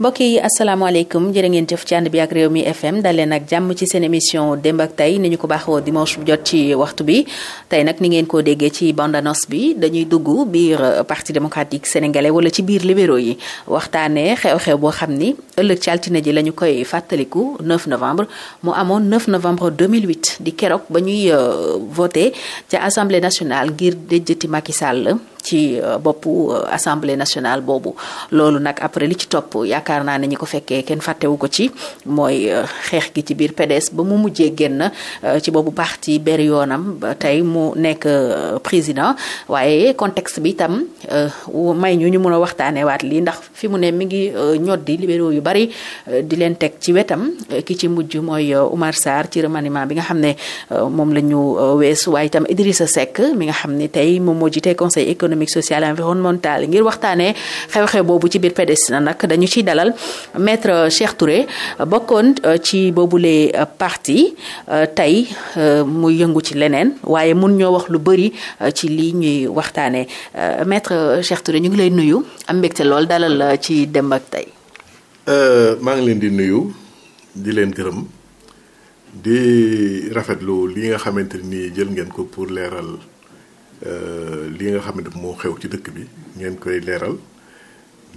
mbokk yi asalaamaaleykum jërë ngeen jëf ci ànd bi ak réew mi FM dal leen ak jàmm ci seen émission démb ak tey nañu ko baax baaxoo dimanche bu jot ci waxtu bi tey nag ni ngeen ko déggee ci bande bi dañuy dugg biir euh, parti démocratique sénégale wala ci biir libéraux yi waxtaanee xew-xew boo xam ni ëllëg ci ji la ñu koy fàttaliku 9 novembre mu amoon 9 novembre 2008 di keroog ba ñuy euh, voté ca assemblée nationale ngir déjjati Macky Sall ci euh, boppu euh, assemblée nationale boobu loolu nag après li ci topp yaakaar naa ne ñi ko fekkee kenn fàttewu ko ci mooy euh, xeex gi ci biir PDS ba mu mujjee génn ci boobu ci ber yoonam tey mu nekk président waaye contexte bi itam may ñu ñu mun a waxtaanee waat lii ndax fi mu ne mi ngi ñoddi libéraux yu bari di leen teg ci wetam ki ci mujj mooy Oumar Sarr ci remaniment bi nga xam ne moom la ñu weesu waaye itam Idrissa Seck mi nga xam ne tey moom moo jiite conseil économique sociale environnementale ngir waxtaanee xew-xew boobu ci biir PDS na nag dañu ciy dalal maître Cheikh Touré bokkoon euh, ci boobule euh, parti euh, tey muy yëngu ci leneen waaye mun ñoo wax lu bëri ci lii ñuy waxtaanee maître Cheikh Touré ñu ngi lay nuyu am mbégte lool dalal ci Demb ak Tay. maa ngi leen di nuyu di leen gërëm di rafetlu li nga xamante ni jël ngeen ko pour leeral. Euh, li nga xam ne moo xew ci dëkk bi ngeen koy leeral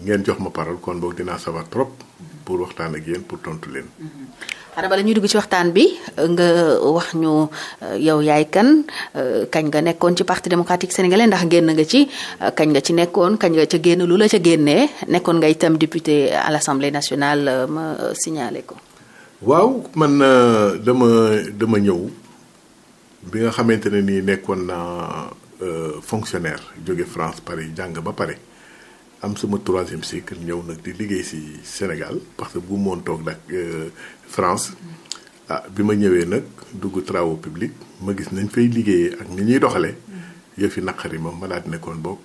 ngeen jox ma parole kon boog dinaa sawar trop pour waxtaan a yéen pour tontu leen. Mm-hmm. xanaa bala ñuy dugg ci waxtaan bi nga wax ñu euh, yow yaay kan euh, kañ nga nekkoon ci parti démocratique sénégalais ndax génn nga ci kañ nga ci nekkoon kañ nga ca génn lu la ca génnee nekkoon nga itam député à l' assemblée nationale ma signalé ko. waaw man dama dama ñëw bi nga xamante ne nii nekkoon naa. Euh, fonctionnaire jóge France Paris jàng ba pare am sama troisième cycle ñëw nag di liggéey ci Sénégal parce que bu moon toog nag euh, France ah, bi ma ñëwee nag dugg travaux publics ma gis nañ fay liggéeyee ak ni ñuy doxalee yëf yi naqari ma ma daal nekkoon bokk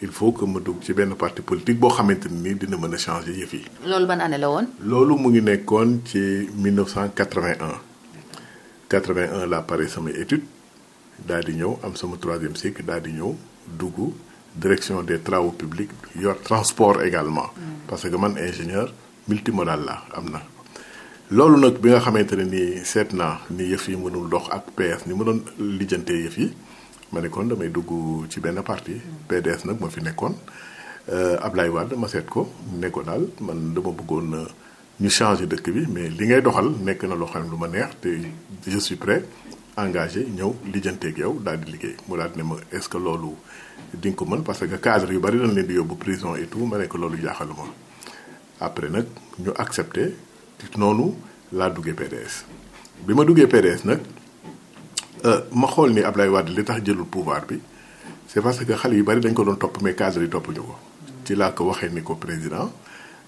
il faut que ma dugg ci benn parti politique boo xamante ni dina mën a changer yëf yi. loolu ban année la woon. loolu mu ngi nekkoon ci 1981 81 laa pare samay études. daal di ñëw am sama troisième cycle daal di ñëw dugg direction des travaux publics yor transport également. Mm. parce que man ingénieur multimodal la am na. loolu nag bi nga xamante ne ni seet naa ni yëf yi mënul dox ak PS ni mu doon lijjantee yëf yi ma ne kon damay dugg ci benn parti mm. PDS nag ma fi nekkoon euh, Ablaye Wade ma seet ko ne ko daal man dama bëggoon euh, ñu changer dëkk bi mais li ngay doxal nekk na loo xam ne lu ma neex te mm. je suis engagé ñëw lijjanteeg yow daal di liggéey mu daal di ne ma est-ce que loolu di ko mën parce que cadre yu bari dañ leen di yóbbu prison et tout ma ne ko après nag ñu accepté noonu laa duggee ma duggee PDS nag euh, ma xool ni Ablaye Wade li tax jëlul pouvoir bi c'est parce que xale yu bari dañ ko doon topp mais cadre yi topp ñu ko. ci laa ko waxee ni ko président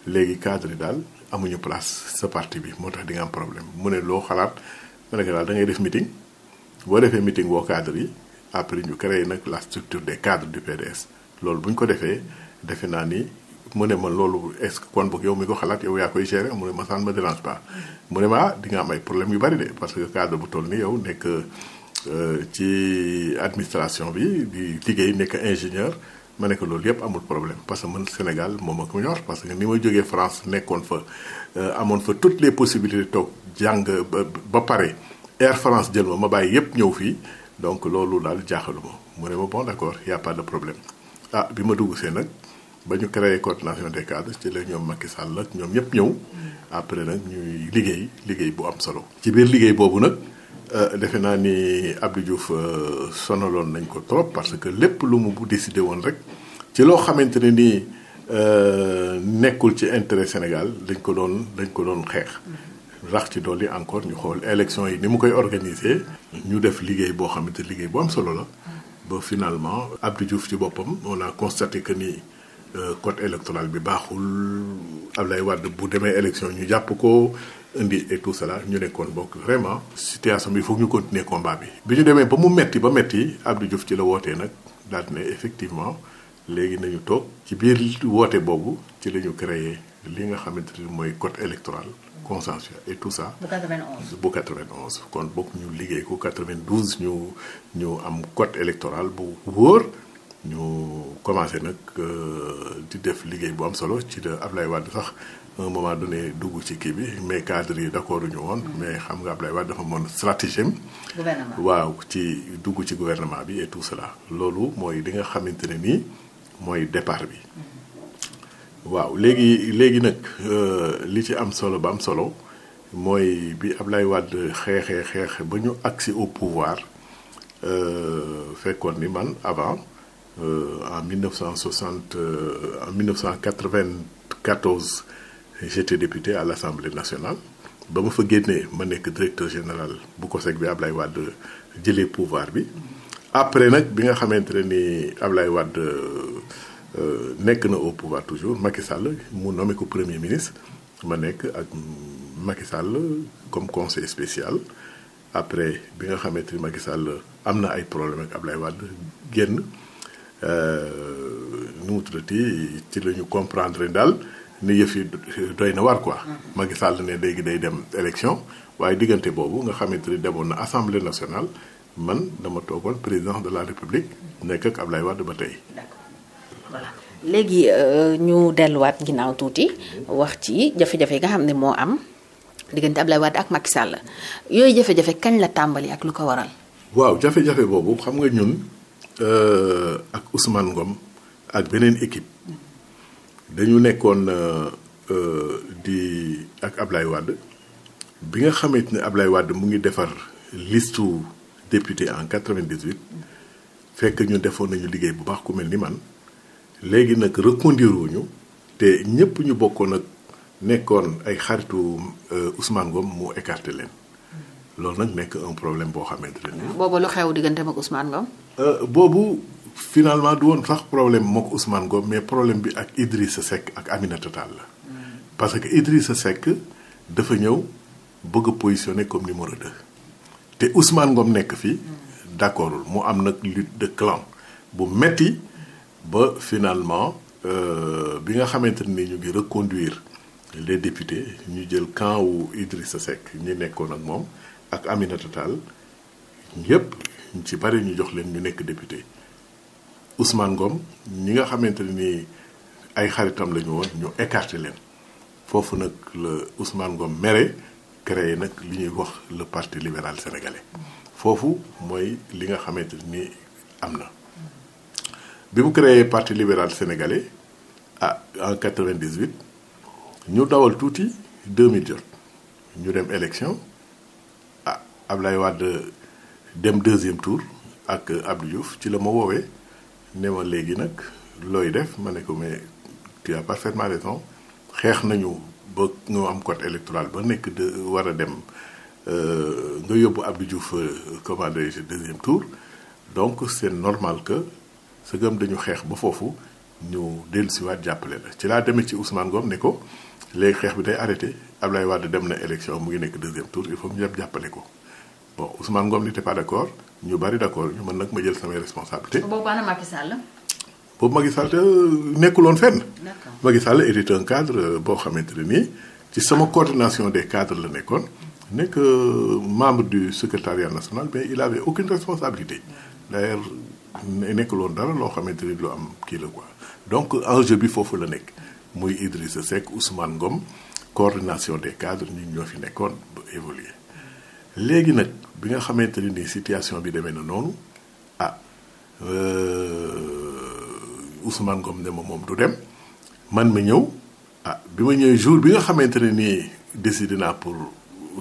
léegi cadre yi daal amuñu place sa parti bi moo tax dinga am problème mu ne loo xalaat ma ne ko daal da def meeting. boo defee meeting woo cadre yi après ñu créé nag la structure des cadres du PDS loolu bu ñu ko defee defe naa ni mu ne ma loolu est-ce que kon boog yow mi ko xalaat yow yaa koy gérer mu ne ma ça ne me mu ne ma ah, di nga am ay problème yu bari de parce que cadre bu toll ni yow nekk euh, ci administration bi di liggéey nekk ingénieur ma ne ko loolu yëpp amul problème parce que mën Sénégal moom ak mu ñor parce que ni ma jógee France nekkoon fa euh, amoon fa toutes les possibilités toog jàng ba pare Air France jël ma ma bàyyi yépp ñëw fii donc loolu daal jaaxalu ma mu ne ma bon d'accord y de problème ah bi ma dugg see nag ba ñu créé coordination des cadres ci la ñoom Macky Sall ak ñoom ñëpp ñëw après nag ñuy liggéey liggéey bu am solo. ci biir liggéey boobu nag euh, defe naa ni Abdou Diouf euh, sonaloon nañ ko trop parce que lépp lu mu décidé woon rek ci loo xamante ne nii euh, nekkul ci intérêt Sénégal dañ ko doon dañ ko doon xeex. rax ci dolli encore ñu xool élection yi ni mu koy organiser. ñu def liggéey boo xamante liggéey bu am solo la. ba finalement Abdou Diouf ci boppam on a constaté que ni euh, code électoral bi baaxul Ablaye Wade bu demee élection ñu jàpp ko indi et tout cela ñu nekkoon bokk vraiment. situation bi foog ñu continuer combat bi. bi ñu demee ba mu metti ba metti Abdou Diouf ci la wootee nag daal ne effectivement léegi nañu toog ci biir woote boobu ci la ñu créé. li nga xamante ni mooy code électoral consensuel et tout ça. bu 91 bu 91 kon bokk ñu liggéey ko 92 ñu ñu am code électoral bu wóor ñu commencé nag euh, di def liggéey bu am solo ci la Ablaye Wade sax un moment donné dugg ci kii bi mais cadre yi d'accord ñu woon. Mm-hmm. mais xam nga Ablaye Wade dafa mën stratégie waaw ci dugg ci gouvernement bi et tout cela loolu mooy li nga xamante ne nii mooy départ bi. Mm-hmm. waaw léegi léegi nag euh, li ci am solo ba am solo mooy bi Ablaye Wade xeexee xeex ba ñu agsi au pouvoir euh, fekkoon ni man avant euh, en 1960 en 1994 j'étais député à l'Assemblée nationale ba ma fa génnee ma nekk directeur général bu COSEC bi Ablaye Wade jëlee pouvoir bi après nag bi nga xamante ne ni Ablaye Wade. Euh, nekk na au pouvoir toujours Macky Sall mu nommé ko premier ministre ma nekk ak Macky Sall comme conseil spécial après bi nga xamante ni Macky Sall am na ay problème ak Ablaye Wade génn euh, nu mu ci la ñu comprendre daal ni na war quoi. Macky Sall ne léegi day dem élection waaye diggante boobu nga xamante ni demoon na assemblée nationale man dama toogoon président de la république nekk ak Ablaye Wade ba tey. voilà léegi euh, ñu delluwaat ginnaaw tuuti wax ci jafe-jafe yi nga xam ne moo am diggante Ablaye Wade ak Macky Sall yooyu jafe-jafe kañ la tàmbali ak lu ko waral. waaw jafe-jafe boobu xam nga ñun euh, ak Ousmane Ngom ak beneen équipe dañu nekkoon euh, di ak Ablaye Wade bi nga xamante ne Ablaye Wade mu ngi defar liste député en 98 fekk ñu defoon nañu liggéey bu baax ku mel ni man. léegi nag reconduire wuñu te ñëpp ñu bokkoon ak nekkoon ay xaritu euh, Ousmane Ngom mu écarté leen loolu nag nekk un problème boo xamante ne nii. boobu lu xew diggante ak Ousmane Ngom. Euh, boobu finalement du woon sax problème mook Ousmane Ngom mais problème bi ak Idrissa Seck ak Aminata Tall la. Mm. parce que sa sekk dafa ñëw bëgg a positionné comme numéro 2. te Ousmane Ngom nekk fii. Mm. d'accordul mu am nag lutte de clan bu metti ba finalement euh, bi nga xamante ni ñu ngi reconduire les député ñu jël camp wu sa Seck ñi nekkoon ak moom ak Aminata Tall yépp ci bari ñu jox leen ñu nekk député Ousmane Ngom ñi nga xamante ni ay xaritam la ñu woon ñu écarté leen foofu nag la Ousmane Ngom mere yi nag li ñuy wax le parti libéral sénégalais foofu mooy li nga xamante ni am na. bi mu créé parti libéral sénégalais ah en 98 ñu dawal tuuti 2000 jot ñu dem élection ah Ablaye Wade dem deuxième tour ak Abdou Diouf ci la ma woowee ne ma léegi nag looy def ma ne ko mais tu as parfaitement raison xeex nañu ba nga am code électoral ba nekk de war a dem euh, nga yóbbu Abdou Diouf euh, commandé deuxième tour donc c'est normal que sa gëm dañu xeex ba foofu ñu dellusiwaat jàppale la ci laa demee ci Ousmane Ngom ne ko léegi xeex bi day arrêté Ablaye Wade dem na élection mu ngi nekk deuxième tour il faut ñu jàppale ko bon Ousmane Ngom n'était pas d'accord ñu bari d'accord ñu mën nag ma jël samay responsabilité boobu ana Macky Sall boobu Macky Sall euh, nekkuloon fenn Macky Sall était un cadre euh, boo xamante ne nii ci sama coordination des cadres la nekkoon nekk euh, membre du secrétariat national mais il avait aucune responsabilité nekk woon dara loo xamante ni lu am kii la koi donc enjeu bi foofu la nekk muy Idrissa Seck Ousmane Ngom coordination des cadres ñun ñoo fi nekkoon ba évoluer léegi nag bi nga xamante ne ni situation bi demee na noonu ah euh, Ousmane Ngom ne ma moom du dem man ma ñëw ah bi ma ñëwee jour bi nga xamante ne nii décidé naa pour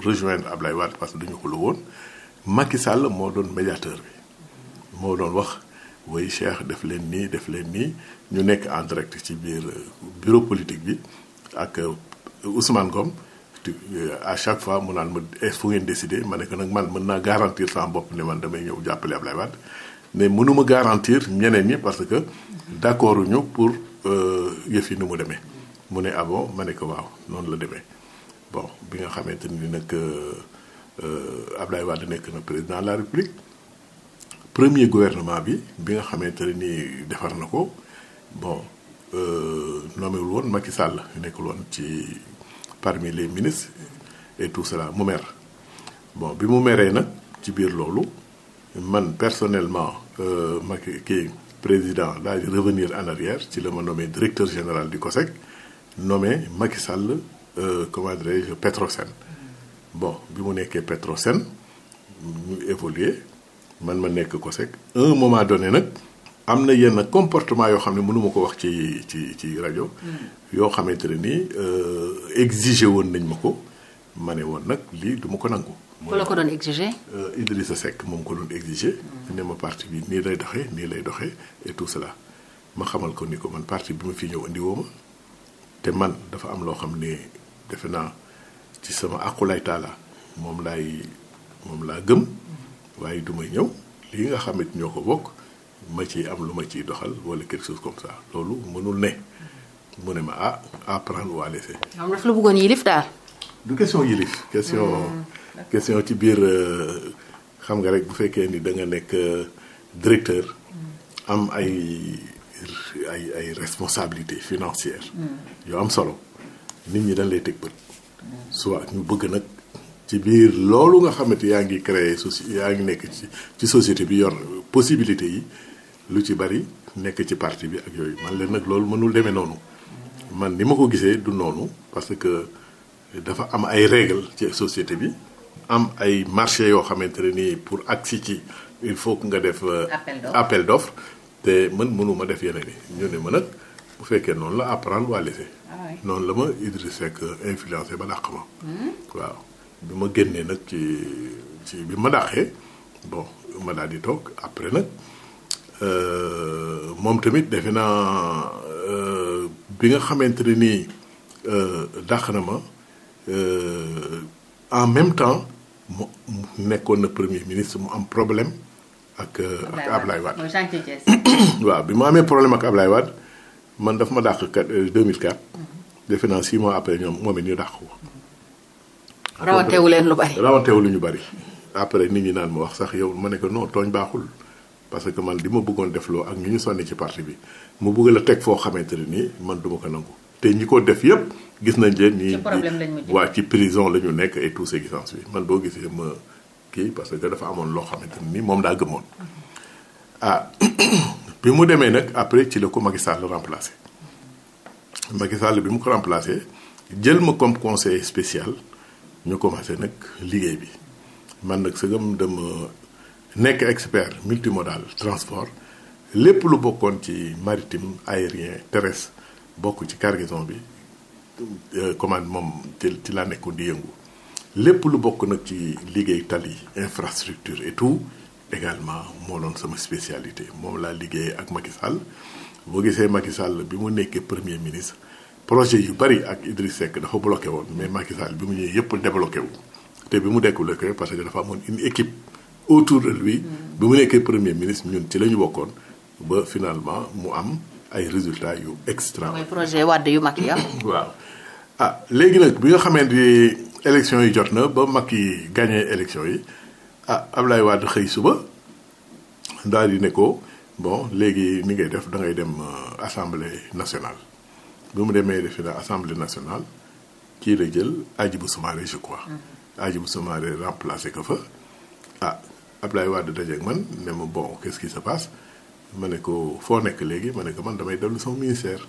rejoindre lay Wade parce que duñu ko lu woon Macky Sall moo doon médiateur bi moo doon wax woy Cheikh def leen nii def leen nii ñu nekk en direct ci biir euh, bureau politique bi ak euh, Ousmane Ngom euh, à chaque fois mu naan ma eh, fu ngeen décider ma ne ko nag man mën naa garantir sama bopp ne man damay ñëw jàppale Ablaye waat mais mënuma garantir ñeneen ñi parce que d'accord ñu pour yëf yi nu mu demee mu ne abo ah ma ne ko waaw noonu la demee bon bi nga xamante ni nag Ablaye Wade nekk na président la République premier gouvernement bi bi nga xamante ne nii defar na ko bon euh, nommewul woon Macky Sall nekkul woon ci parmi les ministres et tout cela mu mer bon bi mu meree nag ci biir loolu man personnellement euh, Macky kii président daal revenir en arrière ci la ma nommé directeur général du COSEC nommé Macky Sall euh, comment dirais-je Petrosen bon bi mu nekkee Petrosen ñu évoluer man ma nekk ko sec un moment donné nag am na yenn comportement yoo xam ne mënuma ko wax ci ci ci rajo. Mm. yoo xamante ne nii euh, exiger woon nañ ma ko ma ne woon nag lii duma ko nangu. ku la ko doon exiger. Euh, Idrissa Seck moom ko doon exiger. Mm. ma parti bi nii lay doxee nii lay doxee et tout cela ma xamal ko ni ko man parti bi ma fi ñëw andi te man dafa am loo xam ne defe naa ci sama àqulaay taala moom laay moom laa gëm. waaye du may ñëw lii nga xamit ñoo ko bokk ma ci am lu ma ciy doxal wala quelque chose comme ça loolu mënul ne mu ne ma ah à prendre ou à laisser. daf la bëggoon yilif daal. du question yilif. question hmm, question ci biir euh, xam nga rek bu fekkee ni da nga nekk euh, directeur. Hmm. am ay ay ay responsabilités financières. Hmm. yoo am solo nit ñi dañ lay teg bët. soit ñu bëgg nag. ci biir loolu nga xamante yaa ngi créer soci yaa ngi nekk ci ci société bi yor possibilité yi lu ci bari nekk ci parti bi ak yooyu man leen nag loolu mënul demee noonu man ni ma ko gisee du noonu parce que dafa am ay règles ci société bi am ay marché yoo xamante ne nii pour agsi ci il faut que nga def euh, appel d'offre te mën mënuma def yeneen yi ñu ne ma nag bu fekkee noonu la apprendre waa laisser ah noonu la ma Idriss Seck influencé ba dàq ma hmm? waaw bi ma génnee nag ci ci bi ma daaxee bon ma daal di toog après nag euh, moom tamit defe naa euh, bi nga xamante ne nii euh, dàq na ma en même temps mu nekkoon na premier ministre mu am problème ak ak Ablaye Wade waaw bi ma amee problème ak Ablaye Wade man daf ma dàq 2004 mm-hmm. defe naa six mois après ñoom moom it ñu dàq ko rawantewu leen lu bari rawantewu lu ñu bari après nit ñi naan ma wax sax yow ma ne ko non tooñ baaxul parce que man di ma bëggoon loo ak ñu ñu sonni ci parti bi mu bëgg la teg foo xamante ne nii man duma ko nangu te ñi ko def yépp gis nañ leen ñi waa ci prison la ñu nekk et tout ce qui s'ensuit man boo gisee ma kii parce que dafa amoon loo xamante nii moom daa gëmoon ah, bi mu demee nag après ci la ko Macky Sall remplacé Macky Sall bi mu ko remplacé jël ma comme conseiller ñu commencé nag liggéey bi man nag sëgam dama nekk expert multimodal transport lépp lu bokkoon ci maritime aérien terrestre bokk ci cargaison bi euh, commande moom ci laa nekkoon di yëngu lépp lu bokk nag ci liggéey tali infrastructure et tout également moo loon sama spécialité moom laa liggéey ak Macky Sall boo gisee Macky Sall bi mu nekkee premier ministre projet yu bari ak Idriss Seck dafa bloqué woon mais Macky Sall bi mu ñëwee yëpp débloqué wu te bi mu débloqué parce que dafa amoon une équipe autour de lui mm. bi mu nekkee premier ministre ñun ci la ñu bokkoon ba finalement mu am ay résultats yu extra. mooy projet Wade yu mag ah. ya waaw ah léegi nag bi nga xamante ni élection yi jot na ba Macky gagné élection yi ah Ablaye Wade xëy suba daal di ne ko bon léegi ni ngay def da dem euh, assemblée nationale. bi mu demee defi la assemblée nationale kii la jël Hadjibou Soumaré je crois. Mm-hmm. Hadjibou Soumaré remplacé ko fa ah Ablaye Wade dajeeg man ne ma bon qu'est-ce qui se passe ma ne ko foo nekk léegi ma ne ko man damay dellu soo ministère.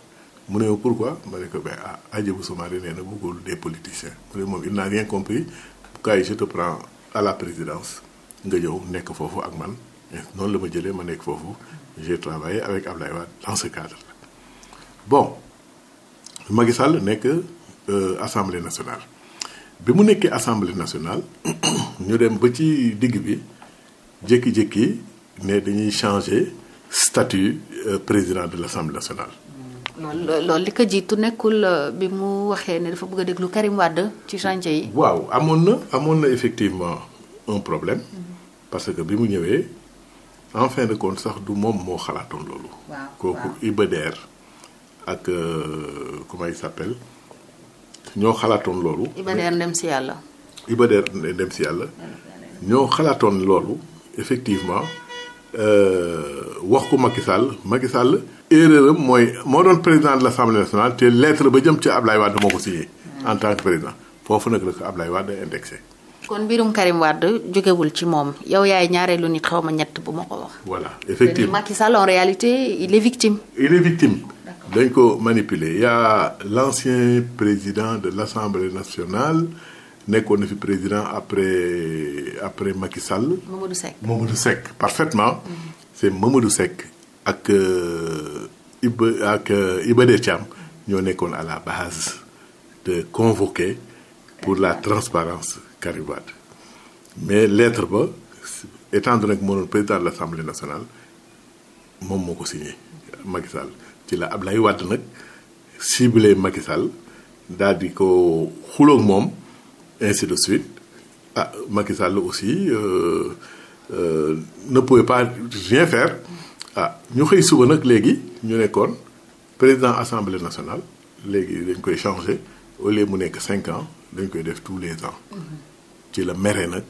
mu ne pourquoi ma ne ko mais ah Hadjibou Soumaré nee na buggul des politiciens mu ne moom il n'a rien compris kaay je te prends à la présidence nga ñëw nekk foofu ak man noonu la ma jëlee ma nekk foofu j'ai travaillé avec Ablaye Wade dans ce Macky Sall nekk euh, assemblée nationale bi mu nekkee assemblée nationale ñu dem ba ci digg bi jékki-jékki ne dañuy changer statut euh, président de l' assemblée nationale. Hmm. loolu loolu li ko jiitu nekkul euh, bi mu waxee ne dafa bëgg a déglu Karim ci chantier yi. waaw amoon na amoon na effectivement un problème hmm. parce que bi mu ñëwee en fin de compte sax du moom moo xalaatoon loolu. kooku Iba ak euh, comment il s'appelle ñoo xalaatoon loolu. Ibader dem si yàlla. si yàlla ñoo xalaatoon loolu effectivement euh, wax ko Macky Sall Macky Sall mooy moo doon président de l' assemblée nationale te lettre ba jëm ci Ablaye Wade moo ko signé. en tant que président foofu nag la ko Ablaye Wade indexé. kon mbirum Karim Wade jógewul ci moom yow yaay ñaareelu nit xaw ma ñett bu ma ko wax. voilà effectivement Macky en réalité il est victime. il est victime. dañ ko manipuler y'a l'ancien président de l'Assemblée nationale nekkoon na fi président après après Macky Sall. moo Seck Mamadou Seck parfaitement. Mm-hmm. c'est Mamadou Seck ak euh, Iba ak euh, Iba Der ñoo nekkoon à la base de convoquer pour la transparence Karim Wade mais lettre ba étant donné que moo président de l'Assemblée nationale moom moo ko signé ci la Ablaye Wade nag ciblé Macky Sall daal di ko xuloog moom ainsi de suite ah Macky aussi euh, euh, ne pouvait pas rien faire ah ñu xëy suba nag léegi ñu nekkoon président assemblée nationale léegi dañ koy changé au lieu mu nekk cinq ans dañ koy def tous les ans mm-hmm. ci la mere nag.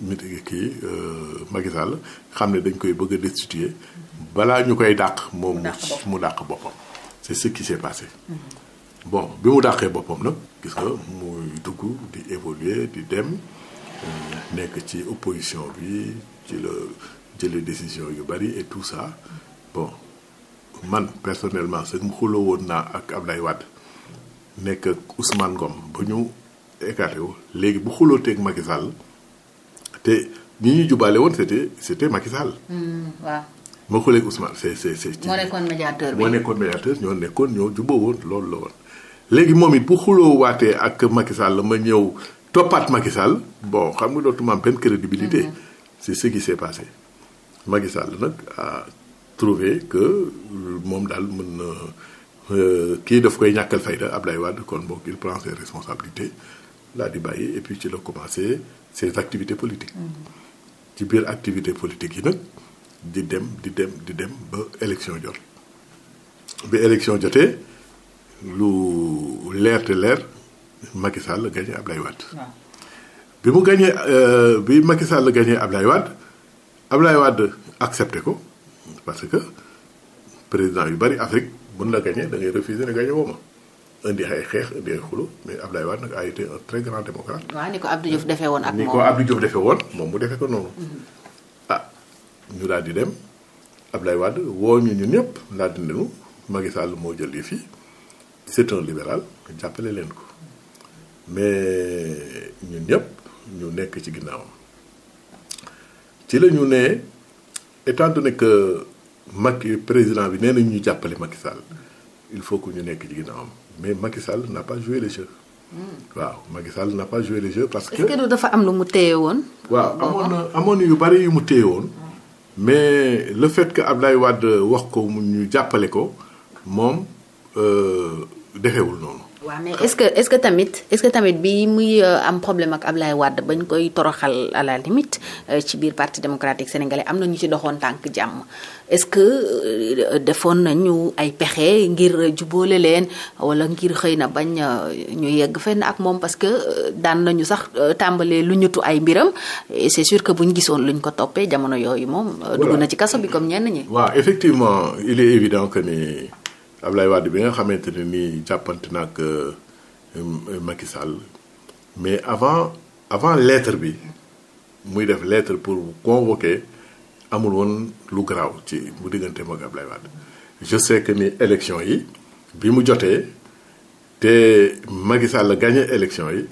miti kii euh, Macky Sall xam ne dañ koy bëgg a balaa ñu koy dàq moom mu dàq boppam c'est ce qui s'est passé mm-hmm. bon bi mu dàqee boppam la gis nga muy dugg di évoluer di dem euh, nekk ci opposition bi ci la jële décision yu bari et tout ça bon man personnellement sax mu xuloo woon naa ak ab Ablaye Wade nekk ak Ousmane Ngom ba ñu écarté wu léegi bu xulootee ak Macky te ñi ñuy jubale woon c'était c'était Macky Sall. Hmm, waaw. ma xoolee ak Ousmane c'est c'est moo nekkoon médiateur ñoo nekkoon ñoo jubóo woon loolu la woon. léegi moom it bu xuloo waatee ak Macky la ma ñëw toppaat Macky Sall bon xam nga dootuma am benn crédibilité. Hmm. c'est ce qui s'est passé. Macky Sall nag a trouvé que moom daal mën na euh, kii daf koy ñàkkal fayda Abdoulaye Wade kon boog il prend ses responsabilités. laa di bàyyi et ci la commencé ses activités politiques. ci biir activité politiques yi nag di dem di dem di dem ba élection jot bi élection jotee lu leer te leer Macky Sall la gagné Ablaye Wade. bi mu gagné euh, bi Macky Sall la gagné Ablaye Wade Ablaye Wade accepté ko parce que président yu bari Afrique buñ la gagné da ngay refusé ne gagné woo indi ay xeex indi ay xulu mais Abdoulaye Wade nag a été un très grand démocrate. waaw ni ko Abdou Diouf defee woon ak moom ni ko Abdou Diouf defee mu defee ko noonu. Mhm. ah ñu daal di dem Abdoulaye Wade woo ñu ñun ñëpp daal di nenu Macky moo jël lii fii c'est un libéral jàppale leen ko mais ñun ñëpp ñu nekk ci ginnaawam ci la ñu ne étant donné que Macky président bi nee nañ ñu jàppale Macky Sall il faut que ñu nekk ci ginnaawam. mais Macky n'a pas joué le jeu. Hmm. waaw Macky n'a pas joué le jeu parce que. est-ce dafa am lu mu téye woon. waaw amoon na amoon yu bari yu mu téye woon. mais le fait que Abdoulaye Wade wax ko mu ñu jàppale ko moom euh, defewul noonu. waaw mais est-ce que est-ce que tamit est tamit bi muy euh, am problème ak Ablaye Wade bañ koy toroxal à la limite euh, ci biir parti démocratique sénégalais am na ñu ci doxoon tànk jàmm est-ce que euh, defoon nañu ay pexe ngir juboole leen wala ngir xëy na bañ ñu yegg fenn ak moom parce que daan nañu sax tàmbalee lu ñutu ay mbiram et c'est sûr que buñ gisoon luñ ko toppee jamono yooyu moom. dugg na ci kaso bi comme ñenn ñi. waaw effectivement il est évident que ni. Ablaye Wade bi nga xamante ne nii jàppante nag ak euh, Macky mais avant avant lettre bi muy def lettre pour convoquer amul woon lu garaaw ci mu diggante moog Ablaye Wade je sais que ni élection yi bi mu jotee te Macky Sall gagné élection yi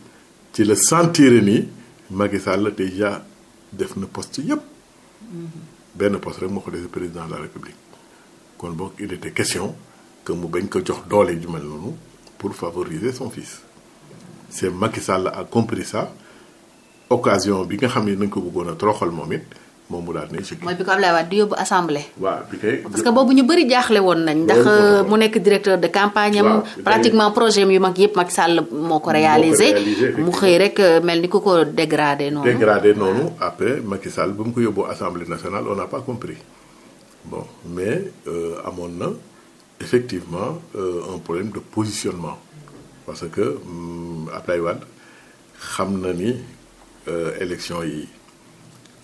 ci la sentir ni Macky Sall déjà def na post poste yëpp mm-hmm. benn poste rek moo ko dese président la république kon boo il était question. que mu bañ ko jox doole ju mel noonu pour favoriser son fils c'est Macky Sall a compris ça occasion bi nga xam ne nañ ko bëggoon a toroxal moom it moom mu daal di nekk mooy bi ko Ablaye Wade di yóbbu assemblée. parce que boobu ñu bëri jaaxle woon nañ. ndax mu nekk directeur de campagne am. pratiquement projet yu mag yëpp Macky Sall moo ko réalisé. mu xëy rek euh, mel ni ku ko dégradé noonu. dégradé noonu après Macky Sall ba mu ko yóbbu assemblée nationale on n'a pas compris bon mais euh, effectivement euh, un problème de positionnement parce que mm, Abdoulaye Wade xam na ni euh, élection yi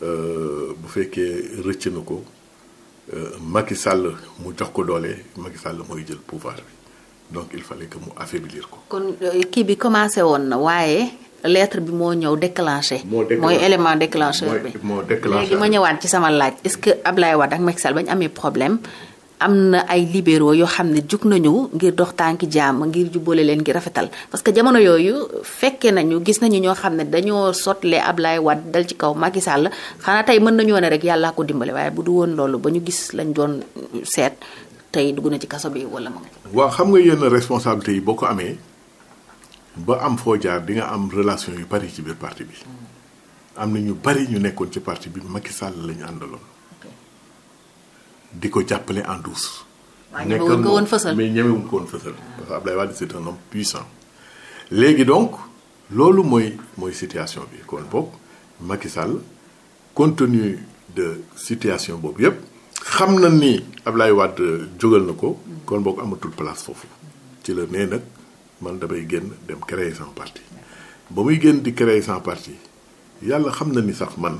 euh, bu fekkee rëcc na ko Macky Sall mu jox ko doole Macky mooy jël pouvoir bi donc il fallait que mu affaiblir ko. kon kii bi commencé woon na waaye lettre bi moo ñëw déclenché. moo mooy élément déclencheur bi. moo déclenché léegi ma ñëwaat ci sama laaj est-ce que Abdoulaye Wade ak Macky Sall ba ñu amee problème. am na ay libéraux yoo xam ne jug nañu ngir dox tànki jàmm ngir jubboole leen ngir rafetal parce que jamono yooyu fekkee nañu gis nañu ñoo xam ne dañoo sotle ab Ablaye Wade dal ci kaw Macky Sall xanaa tey mën nañu ne rek yàllaa ko dimbale waaye bu du woon loolu ba ñu gis lañ doon seet tey dugg na ci kaso bi wala moom. xam nga yenn responsabilité yi boo ko amee ba am foo jaar di am relation yu bari ci biir parti bi. Mm. am na ñu bari ñu nekkoon ci parti bi Macky Sall la ñu àndaloon. di ko jàppale en douce. nekkal moom mais ñemewuñ ko woon fësal. parce que Abdoulaye Wade c'est un homme puissant. léegi donc loolu mooy mooy situation bi kon boog Macky Sall compte de situation boobu yëpp xam na ni Abdoulaye Wade jógal na ko. kon boog amatul place foofu. ci la nee nag man damay génn dem créer sans parti ba muy génn di créer sans parti yàlla xam na ni sax man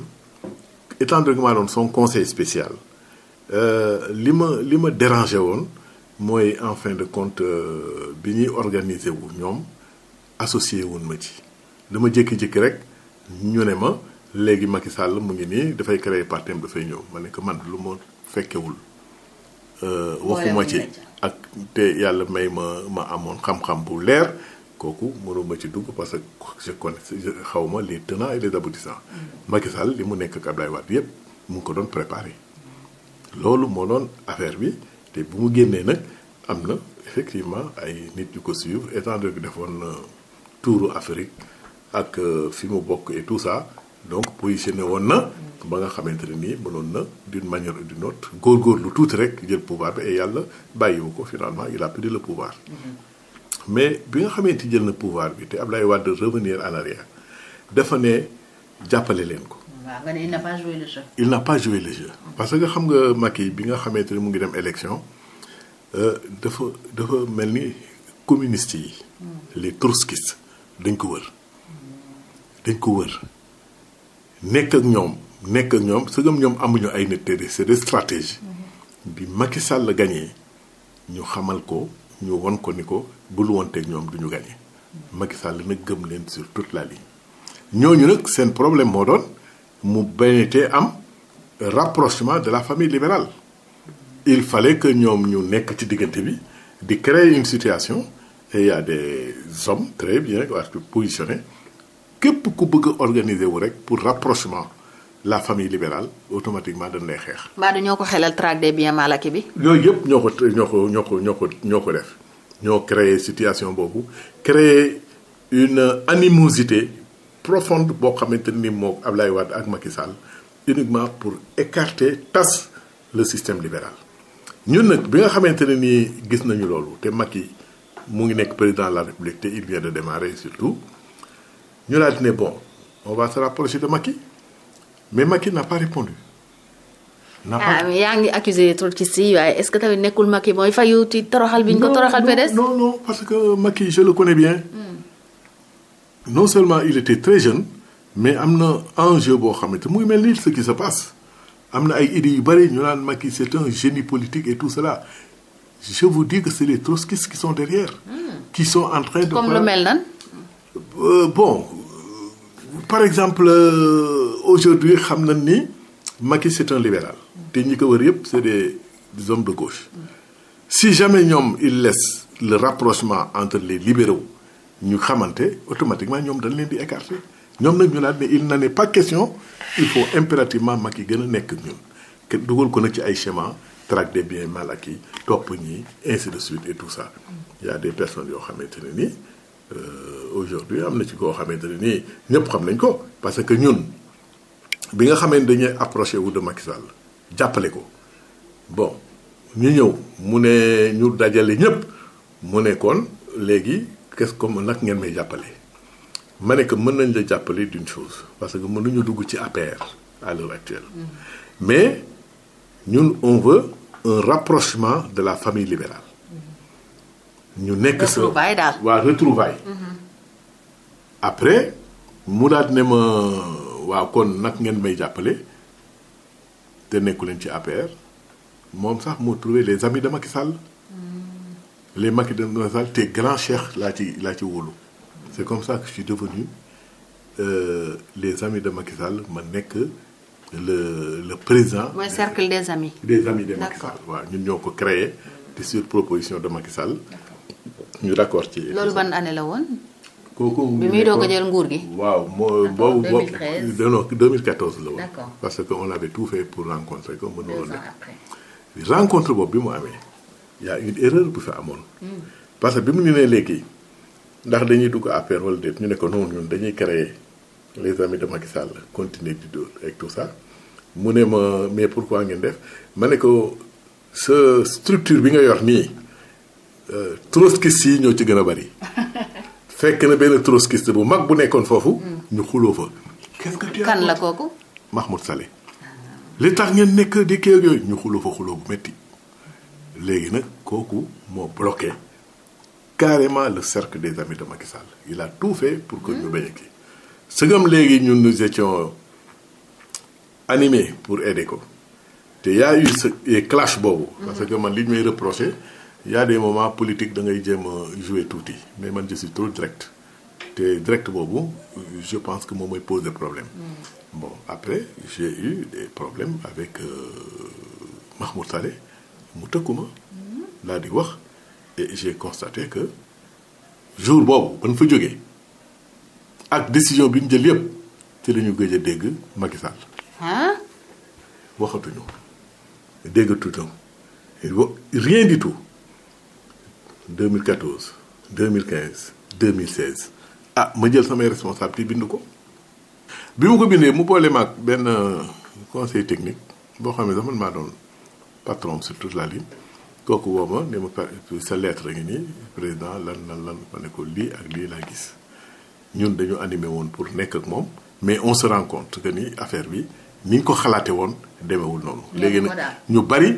étant donné que maa doon son conseil spécial. Euh, li ma li ma dérangé woon mooy en fin de compte euh, bi ñuy organiser wu ñoom associé woon ma ci dama jékki-jékki rek ñu ne ma léegi Macky Sall mu ngi nii dafay créer parti am dafay ñëw ma ne ko man lu ma fekkewul euh, waxuma ci ak te yàlla may ma ma amoon xam-xam bu leer kooku mënuma ci dugg parce que je connais xaw ma les tenants et les aboutissants mm. Macky Sall li mu nekk ak Abdoulaye Wade yëpp mu ngi ko doon préparer loolu moo doon affaire bi te bu mu génnee nag am na effectivement ay nit yu ko suivre étant donné que defoon tuuru Afrique ak euh, fi mu bokk et tout ça donc positionné woon na ba nga xamante ne nii mënoon na d'une manière ou d'une autre góorgóorlu tuuti rek jël pouvoir bi et yàlla bàyyiwu ko finalement il a pris le pouvoir. Mm-hmm. mais bi nga xamante jël na pouvoir bi te lay Wade revenir en arrière dafa ne jàppale leen ko. waaw nga ne il n'a pas joué le jeu. parce que xam nga Macky bi nga xamante ne mu ngi dem élection euh, dafa dafa mel ni communistes yi. Hmm. les trotskistes dañ ko wër. dañ ko wër nekk ak ñoom nekk ak ñoom sëgam ñoom amuñu ay nit te c'est des stratégies. Hmm. bi Macky la gagné ñu xamal ko ñu won ko ni ko bul wonteeg ñoom du ñu gagné. Hmm. Macky Sall nag gëm leen sur toute la ligne ñooñu nag seen problème moo doon. mu te am rapprochement de la famille libérale il fallait que ñoom ñu nekk ci diggante bi di créer une situation et il y a des hommes très bien parce que positionnés képp ku bëgg a organiser wu rek pour rapprochement la famille libéral automatiquement dañ lay xeex. mbaa du ñoo ko xelal traque des biens mal bi. yooyu yëpp ñoo ko ñoo ko ñoo ko ñoo ko ñoo ko def ñoo créer situation boobu créer une animosité. profonde boo xamante ni moo Ablaye Wade ak Macky Sall uniquement pour écarter tas le système libéral ñun nag bi nga xamante ne nii gis nañu loolu te Macky mu ngi nekk président de la République te il vient de démarrer surtout ñu daal ne bon on va se rapprocher de mais Macky n'a pas répondu n'a pas ah yaa ngi accusé trotskiste yi waaye est-ce que tamit nekkul Macky mooy fayu ci toroxal bi ñu ko toroxal PDS non non parce que Macky je le connais bien hmm. non seulement il était très jeune mais am na enjeu boo xamante muy mel ni ce qui se passe am na ay idées yu bëri ñu naan Macky c'est un génie politique et tout cela je vous dis que c'est les trotskistes qui sont derrière. Hmm. qui sont en train de. comme lu mel nan. Euh, bon euh, par exemple euh, aujourd'hui xam na ni Macky c'est libéral. te ñi ko wër yëpp c'est des des hommes de gauche. si jamais ñoom il laisse le rapprochement entre les libéraux ñu xamante automatiquement ñoom dañ leen di écarter ñoom nag ñu naan ne il n'en est pas question il faut impérativement yi gën a nekk ñun dugal ko na ci ay schéma traque des biens mal acquis topp ñi ainsi de suite et tout sax il y a des personnes yoo xamante ne nii euh, aujourd'hui am na ci koo xamante ne nii ñëpp xam nañ ko parce que ñun bi nga xamante dañuy approché wu de Macky Sall jàppale ko bon ñu ñëw mu ne ñu dajalee ñëpp mu nekkoon léegi qu'est-ce comme nag ngeen may jàppale ma ne que mën nañ la jàppale d'une chose parce que mënuñu dugg ci APR à l'heure actuelle mm. mais ñun on veut un rapprochement de la famille libérale mm-hmm. ñu nekk sa waa retrouvaille mm-hmm. après mu daat ne ma waaw kon nag ngeen may jàppale te nekku leen ci APR moom sax moo trouvé les amis de Macky les Macky de Ngoné Sall te grand cheikh laa ci laa ci wóolu c'est comme ça que je suis devenu euh, les amis de Macky Sall ma nekk le le président. mooy cercle des amis. des amis de Macky Sall waaw ñun ñoo ko créé te sur proposition de Macky Sall. ñu d'accord ci. loolu ban année la woon. bi muy doog a jël nguur gi. waaw moo boobu boobu. non 2014 la woon. parce que on avait tout fait pour rencontrer ko mënuloon nekk. rencontre boobu bi mu amee. yaa a une erreur bu fi amoon. parce que bi mu ñu nee léegi ndax dañuy dugg APR wala déet ñu ne ko noonu ñun dañuy créer les amis de Macky Sall continuer di dóor ak tout ça mu ne ma mais pourquoi ngeen def ma ne ko sa structure bi nga yor nii euh, troskis yi ñoo ci gën a bari fekk na benn trotskiste bu mag bu nekkoon foofu. Mm. ñu xuloo fa. qu'est-ce que tu kan la kooku. Mahmoud Saleh li tax ngeen nekk di kii yooyu ñu xuloo fa xuloo bu métti. léegi nag kooku moo bloqué carrément le cercle des amis de Macky Sall il a tout fait pour que ñu hmm. bañ a kii sëgam léegi ñun nous étions animés pour aider ko te y a eu ce clash boobu. Hmm. parce que man li ñu may reproché y a des moments politiques da ngay jéem jouer tuuti mais man je suis trop direct te direct boobu je pense que moom mooy poser problème. Hmm. bon après j'ai eu de problèmes avec euh, Mahmoud Saleh. mu tëkku ma daal di wax et j'ai constaté que jour boobu ban fa jóge ak décision bi ñu jël yépp ci la ñu gëj a dégg Macky Sall. waxatuñu déggatuñu rien mille tout 2014 2015 2016 ah ma jël samay responsabilité bind ko bi mu ko bindee mu boole maag benn euh, conseil technique boo xam ne sax man maa doon. patron sur toute la ligne kooku woo ma ne ma sa lettre ngi nii président lan lan lan ma ne ko lii ak lii laa gis ñun dañu animé woon pour nekk ak moom mais on se rend compte que ni affaire bi ni ngi ko xalaate woon demewul noonu. léegi nag ñu bari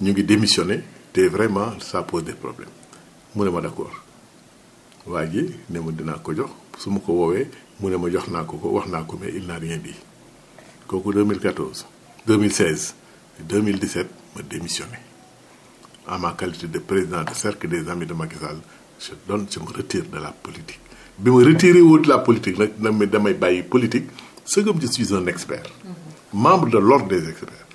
ñu ngi démissionné te vraiment ça pose des problèmes mu ne ma d'accord waa ji ne ma dinaa ko jox su ma ko woowee mu ne ma jox naa ko ko wax naa ko mais il n'a rien dit kooku 2014 2016 2017. me démissionner. En ma qualité de président de cercle des amis de Macky Sall je donne retire de la politique bi ma retiré woo de la politique nag na damay bàyyi politique c'est comme je suis un expert. Mhm. membre de l'ordre des experts.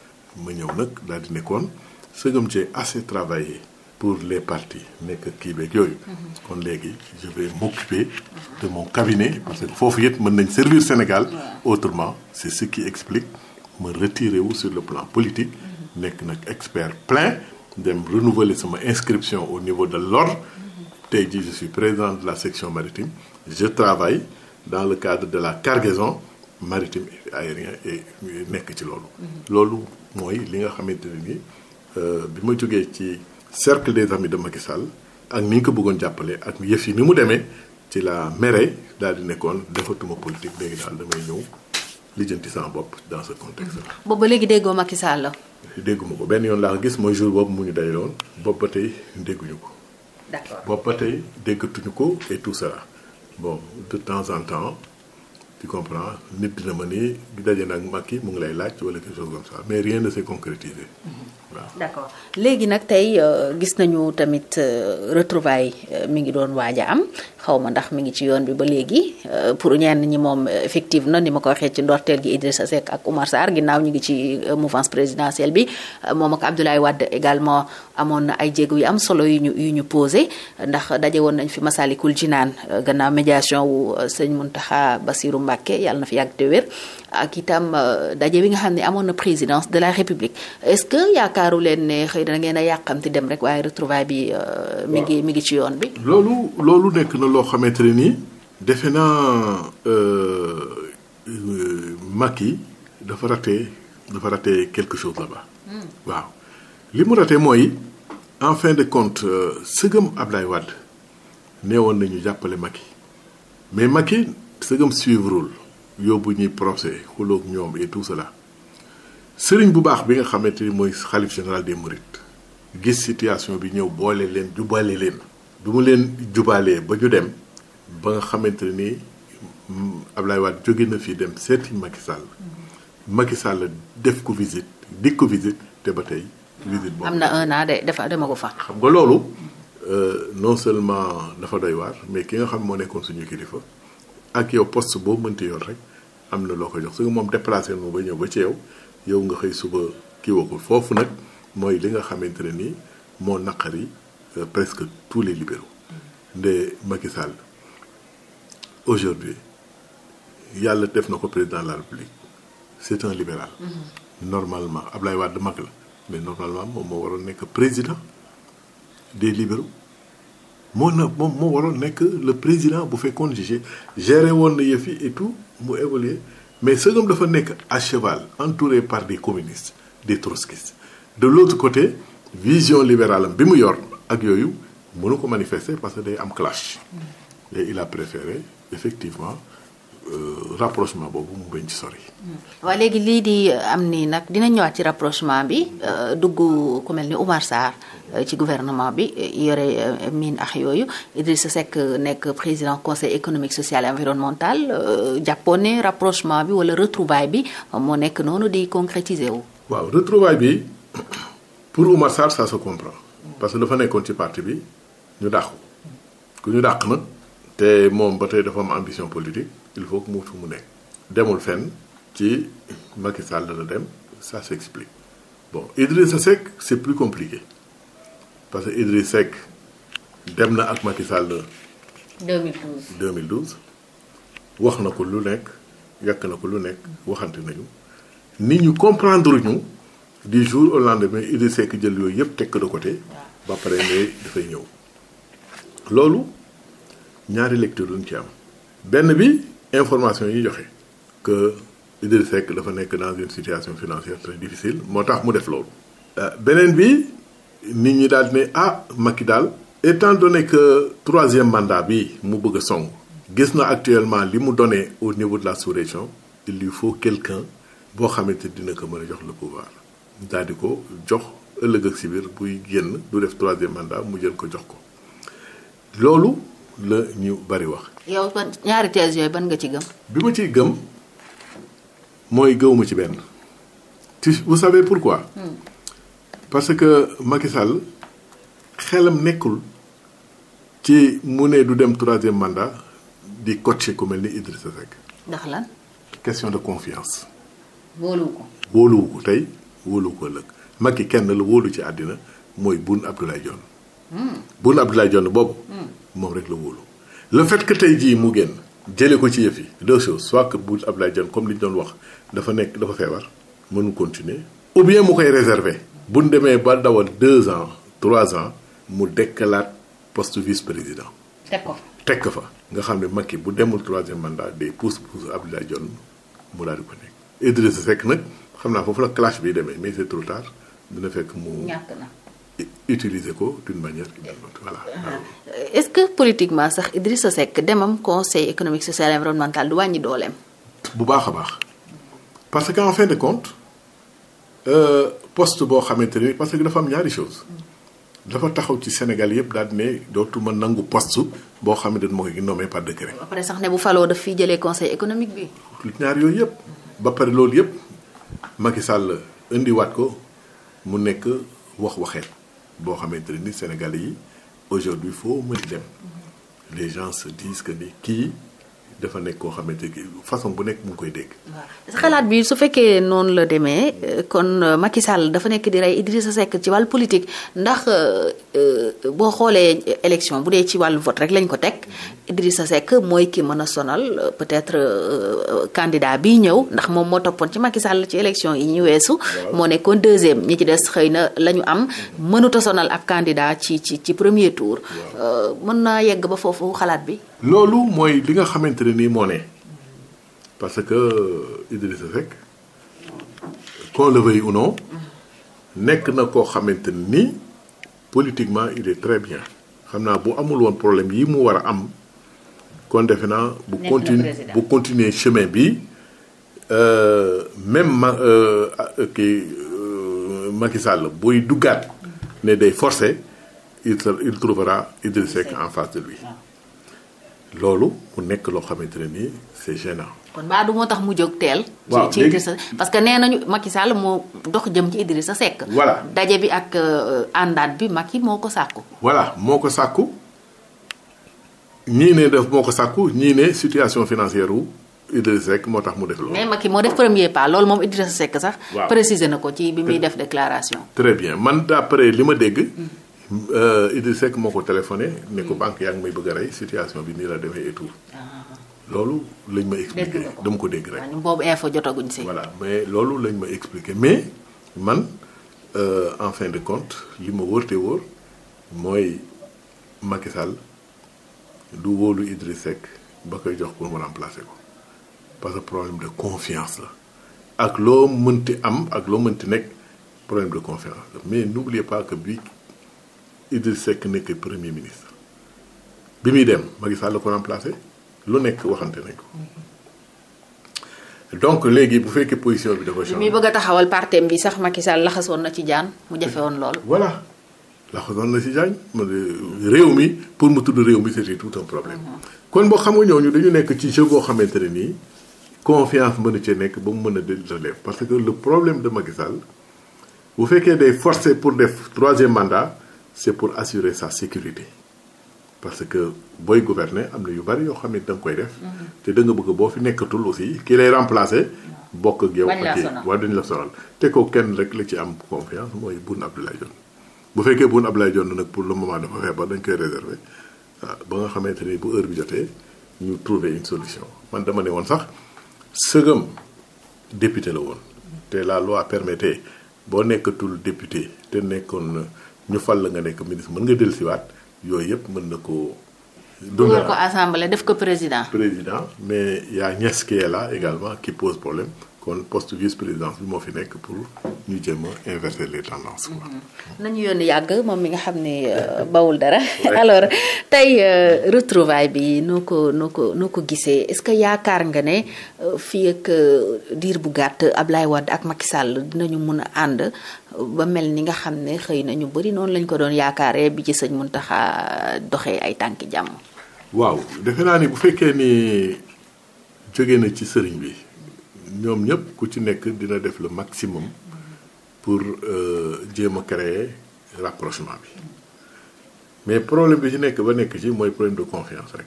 ma ñëw nag daal di nekkoon c'est ci j'ai assez travaillé pour les partis nekk kii beeg yooyu. Mhm. kon léegi je vais m'occuper de mon cabinet parce que foofu yëpp mën nañ servir Sénégal. autrement c'est ce qui explique ma retiré wu sur le plan politique. Mhm. nekk nag expert plein dem renouveler sama inscription au niveau de l'ordre tey jii je suis président de la section maritime je travaille dans le cadre de la cargaison maritime et et nekk ci loolu loolu mooy li nga xamante ne ni euh, bi ma jógee ci cercle des amis dama Macky Sall ak ni ñu ko bëggoon jàppale ak yëf yi ni mu demee ci la mere daal di nekkoon defatuma politique léegi daal damay ñëw lijjanti sama bopp dans ce contexte là. boobu léegi déggoo Macky Sall la. dégguma ko benn yoon laa gis mooy jour boobu mu ñu daje woon boobu ba tey dégguñu ko. d'accord tey déggatuñu ko et tout ça bon de temps en temps tu comprends nit dina ma ni daje nag mag yi mu ngi lay laaj wala quelque chose comme ça mais rien ne s'est concrétisé. Mm-hmm. d' accord léegi nag tey euh, gis nañu tamit yi euh, euh, mi ngi doon waaj a am xaw ma ndax mu ngi ci yoon bi ba léegi pour ñenn ñi moom effective na ni ma ko waxee ci ndorteel gi Idrissa Seck ak Oumar Sarr ginnaaw ñu ngi ci mouvance présidentielle bi moom ak Abdoulaye wadd également amoon na ay jéego yu am solo yu ñu yu ñu posé ndax daje woon nañ fi ci naan gannaaw médiation wu sëñ Mountakha Bassirou Mbacké yàlla na fi yàgg te wér ak itam daje bi nga xam ne amoon na yaakaaru leen ne xëy na ngeen a yàqamti dem rek waaye retrouvaille bi euh, mi ngi mi ngi ci yoon bi. loolu loolu nekk na loo xamante ne nii defe naa euh, euh, Macky dafa raté dafa raté quelque chose là-bas. Hmm. waaw li mu raté mooy en fin de compte sëgëm Ablaye Wade neewoon nañu jàppale Macky mais Macky sëgëm suivreul yóbbu ñuy procès xuloog ñoom et tout cela. sëriñ bu baax bi nga xamante ni mooy xalif général des mourides gis situation bi ñëw boole leen jubale leen bi mu leen jubalee ba ñu dem ba nga xamante ni lay Wade jóge na fii dem seeti Macky Sall mhm. Macky Sall def ko visite dik ko visite te ba tey visite boobu am na un de dafa dama ko fa xam nga loolu euh, non seulement dafa doy waat mais ki nga xam moo nekkoon suñu kilifa ak yow poste boo mënti yoon rek am na loo ko jox su moom déplacé mo ba ñëw ba ci yow yow nga xëy suba kii woogul foofu nag mooy li nga xamante ne ni moo naqari euh, presque tous les libéraux nde Macky Sall aujourd'hui yàlla def na ko président de la République c'est un libéral mm-hmm. normalement Ablaye Wade mag la mais normalement moom moo waroon nekk président des libéraux moo na moom moo waroon nekk le président bu fekkoon jugé géré woon na yëf yi et mu évolué mais segam dafa nekk à cheval entouré par des communistes des trotskistes de l'autre côté vision libérale am bi mu yor ak yooyu mënu ko manifester parce que day am clash et il a préféré effectivement Euh, rapprochement boobu mu bañ ci sori. Hmm. waaw léegi lii di euh, am nii nag dina ñëwaat ci rapprochement bi euh, dugg ku mel ni Oumar Sarr ci gouvernement bi yore mine ax yooyu Idrissa Seck nekk président conseil économique social et environnemental jàppoon ne rapprochement bi wala retrouvaille bi moo nekk noonu di concrétiser wu. waaw retrouvaille bi pour Oumar Sarr ça se comprend parce que dafa nekkoon ci parti bi ñu dàqu ku ñu dàq na te moom ba tey dafa am ambition il faut mu fu mu nekk. demul fenn ci Macky Sall la dem ça s'explique bon Idrissa Seck c'est plus compliqué parce que Idrissa Seck dem na ak Macky Sall. 2012 2012 wax na ko lu nekk yàq na ko lu nekk waxante nañu nit ñu comprendre ñu di jour au lendemain Idrissa Seck jël yooyu yëpp tekk de côté. ba pare ne dafay ñëw. loolu ñaari lecture duñ ci am benn bi. information yi joxe que Idriss Seck dafa nekk dans une situation financière très difficile moo tax mu def loolu. Euh, beneen bi nit ñi daal di ne ah Macky daal étant donné que troisième mandat bi mu bëgg a song gis na actuellement li mu donné au niveau de la sous-région il lui faut quelqu'un boo xamante dina ko mën a jox le pouvoir daal di ko jox ëllëg ak si biir buy génn du def troisième mandat mu jël ko jox ko loolu la ñu bari wax. yow ban ñaari thèse yooyu ban nga ci gëm. bi ma ciy gëm mooy gëwuma ci benn. tu vous savez pourquoi. Hmm. parce que Macky Sall xelam nekkul ci mu ne du dem troisième mandat di coacher ku mel ni Idrissa Seck. ndax lan. question de confiance. wóoluwu ko. wóoluwu ko tey wóoluwu ko ëllëg Macky kenn la wóolu ci àddina mooy bun Abdallah Dionne. Hmm. Boun Abdallah Dionne boobu. Hmm. moom rek la wóolu. le fait tey jii mu génn jëlee ko ci yëf yi deux choses soit que ab Abdoulaye Diagne comme li ñu doon wax dafa nekk dafa feebar mënu continuer ou bien mu koy réserver bu ñu demee ba dawal deux ans trois ans mu dekkalaat poste vice président. teg fa teg ko fa. nga xam ne Macky bu demul troisième mandat day pousse pousse Abdoulaye Diagne mu daal di ko nekk Idrissa Seck nag xam naa foofu la clash bi demee mais c'est trop tard dina fekk mu. utiliser ko d'une manière euh, est-ce que politiquement sax Idrissa Seck demam conseil économique social et environnemental du wàññi dooleem. bu baax a baax parce que en fin de compte euh, poste boo xamante ni parce que dafa am ñaari chose dafa taxaw ci Sénégal yëpp daal di ne dootuma nangu post boo xam ne moo ngi nommé par décret. ba sax ne bu faloo daf fiy jëlee conseil économique bi. ñaar yooyu yëpp. ba pare loolu yëpp Macky Sall indiwaat ko mu nekk wax waxeet boo xamante ne ni Sénégalais yi aujourd'hui faut mën dem les gens se disent que ni kii dafa nekk koo xamante ni façon bu nekk mu koy dégg. xalaat bi su fekkee noonu la demee kon euh, Macky Sall dafa nekk di rey sa sekk ci wàllu politique ndax euh, euh, boo xoolee élection bu dee ci wàllu vote rek lañ ko teg sa sekk mooy kii mën a sonal peut-être candidat bi ñëw ndax moom moo toppoon ci Macky Sall ci élection yi ñu weesu. moo nekkoon deuxième ñi ci des xëy na la ñu am mënut a sonal ak candidat ci ci ci premier tour. mën naa yegg ba foofu xalaat bi. loolu mooy li nga xamante ne nii moo ne parce que Idrissa Seck qu'on le veuille ou nekk na koo xamante ne nii politiquement il est très bien xam naa bu amul woon problème yi mu war a am kon defe naa bu continue bu continuer chemin bi euh, même ma euh, kii euh, Macky Sall buy duggaat ne day force il il trouvera Idrissa Seck en face de lui ah. loolu mu nekk loo xamante ne nii c'est gênant. kon mbaa moo tax mu jóg teel. waaw ci Idrissa parce que nee nañu Macky Sall moo dox jëm ci Idrissa Seck. voilà daje bi ak euh, àndaat bi Macky moo ko sàkku. voilà moo ko sàkku ñii ne def moo ko sàkku ñii ne situation financière wu Idrissa moo tax mu def loolu. mais Macky moo def premier pas loolu moom Idrissa Seck sax. waaw na ko ci bi muy def déclaration. très bien man d'après li ma dégg. Mm. Euh, Idriss Seck moo ko téléphone ne ko mm. banque yaa ngi may bëgg a rey situation bi nii la demee et ah. loolu lañ ma expliqué dama ko dégg rek boobu info jotaguñ si voilà mais loolu lañ ma expliqué mais man euh, en fin de compte li ma wóorte wóor mooy makisal du wóolu Idriss Seck ba koy jox pour mu ko parce que problème de confiance la ak loo mënti am ak loo mënti nekk problème de confiance la mais n'oubliez pas que bi Idriss Seck nekk premier ministre bi muy dem Macky Sall la ko remplacé lu nekk waxante nañ ko donc léegi bu fekkee position bi dafa changé. mi bëgg a taxawal partem bi sax Macky Sall laxasoon na ci jaan mu jafe woon lool. voilà laxasoon na ci jaan réew mi pour mu tudd réew mi yi tout un problème. Mhm. kon boo xam ñu ñooñu dañu nekk ci jeu boo xamante ne nii confiance mën na cee nekk ba mu mën a délai parce que le problème de Macky Sall bu fekkee day pour def troisième mandat c'est pour assurer sa sécurité parce que booy gouverner am na yu bari yoo xam ne da koy def. Mhm. te da nga bëgg boo fi nekkatul aussi ki lay remplacer. bokk ak yow ak waa dañ la solal te ko kenn rek la ci am confiance mooy Boun Abdallah Dionne bu fekkee Boun Abdallah Dionne nag pour le moment dafa feebar dañ koy réserver ah, ba nga xamante ni bu heure bi jotee ñu trouver une solution man dama ne woon sax sëgëm député la woon te la loi permettait boo nekkatul député te nekkoon. ñu fal la nga nekk ministre mën nga waat yooyu yëpp mën na ko dugal ko assemblée def ko président président mais y a Agnès qui est là également qui pose problème kon poste vice présidence bi moo fi nekk pour ñu jéem a inverser les tendances mhm. nañu yoon yàgg moom mi nga xam ne euh, bawul dara. alors tey euh, retrouvaille bi noo ko noo ko noo ko gisee est-ce que yaakaar nga ne euh, fi ak diir bu gàtt ab lay Wade ak sàll dina ñu mun a ànd ba mel ni nga xam ne xëy na ñu bëri noonu lañ ko doon yaakaaree bi ci sañ mun Mountakha doxee ay tànki jàmm. waaw defe naa ni bu fekkee ni jóge na ci sëriñ bi. ñoom ñëpp ku ci nekk dina def le maximum pour euh, jéem a créer rapprochement bi mais problème bi ci nekk ba nekk ci mooy problème de confiance rek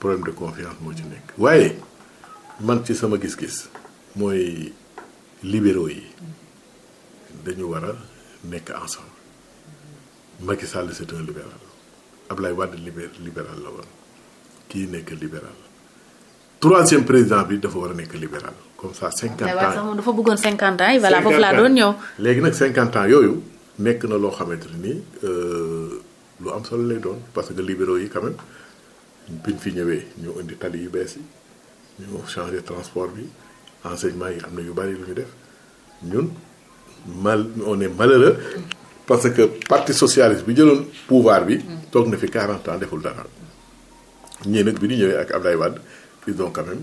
problème de confiance moo ci nekk waaye man ci sama gis-gis mooy libéraux yi dañu war a nekk ensemble Macky Sall c'est un libéral Ablaye Wade libéral la woon kii nekk libéral troisième président bi dafa war a nekk libéral comme ça. 50 ans sax moom dafa bëggoon 50 ans foofu laa doon ñëw. léegi nag 50 ans yooyu nekk na loo xamante ni euh, lu am solo lay parce que libéraux yi quand même fi ñëwee ñoo yu bees yi changé transport bi enseignement yi am na yu bari lu ñu def ñun mal on malheureux. parce que parti socialiste bi jëloon pouvoir bi. Mm. toog na fi 40 ans deful dara. ñii nag bi ñu ñëwee ak Abdoulaye Wade. ils donc quand même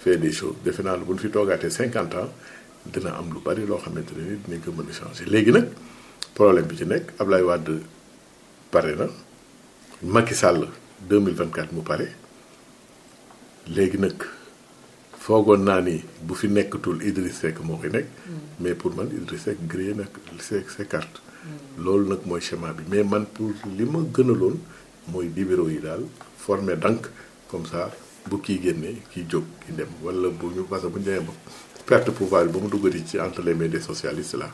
fait des choses defe naa ne bu ñu fi toogaatee cinquante ans dina am lu bari loo xamante ne nii dinañ ko mën a changer léegi nag problème bi ci nekk Ablaye Wade pare na Macky Sall 2024 mu pare léegi nag foogoon naa ni bu fi nekkatul Idriss Seck moo koy nekk. Mm. mais pour man Idriss gré nag Seck ses cartes. Mm. loolu nag mooy schéma bi mais man pour li ma gënaloon mooy libéraux yi daal former dank comme ça. bu kii génnee kii jóg kii dem wala bu ñu parce que bu ñu demee perte pouvoir bi ba mu duggati ci entre les mains des socialistes là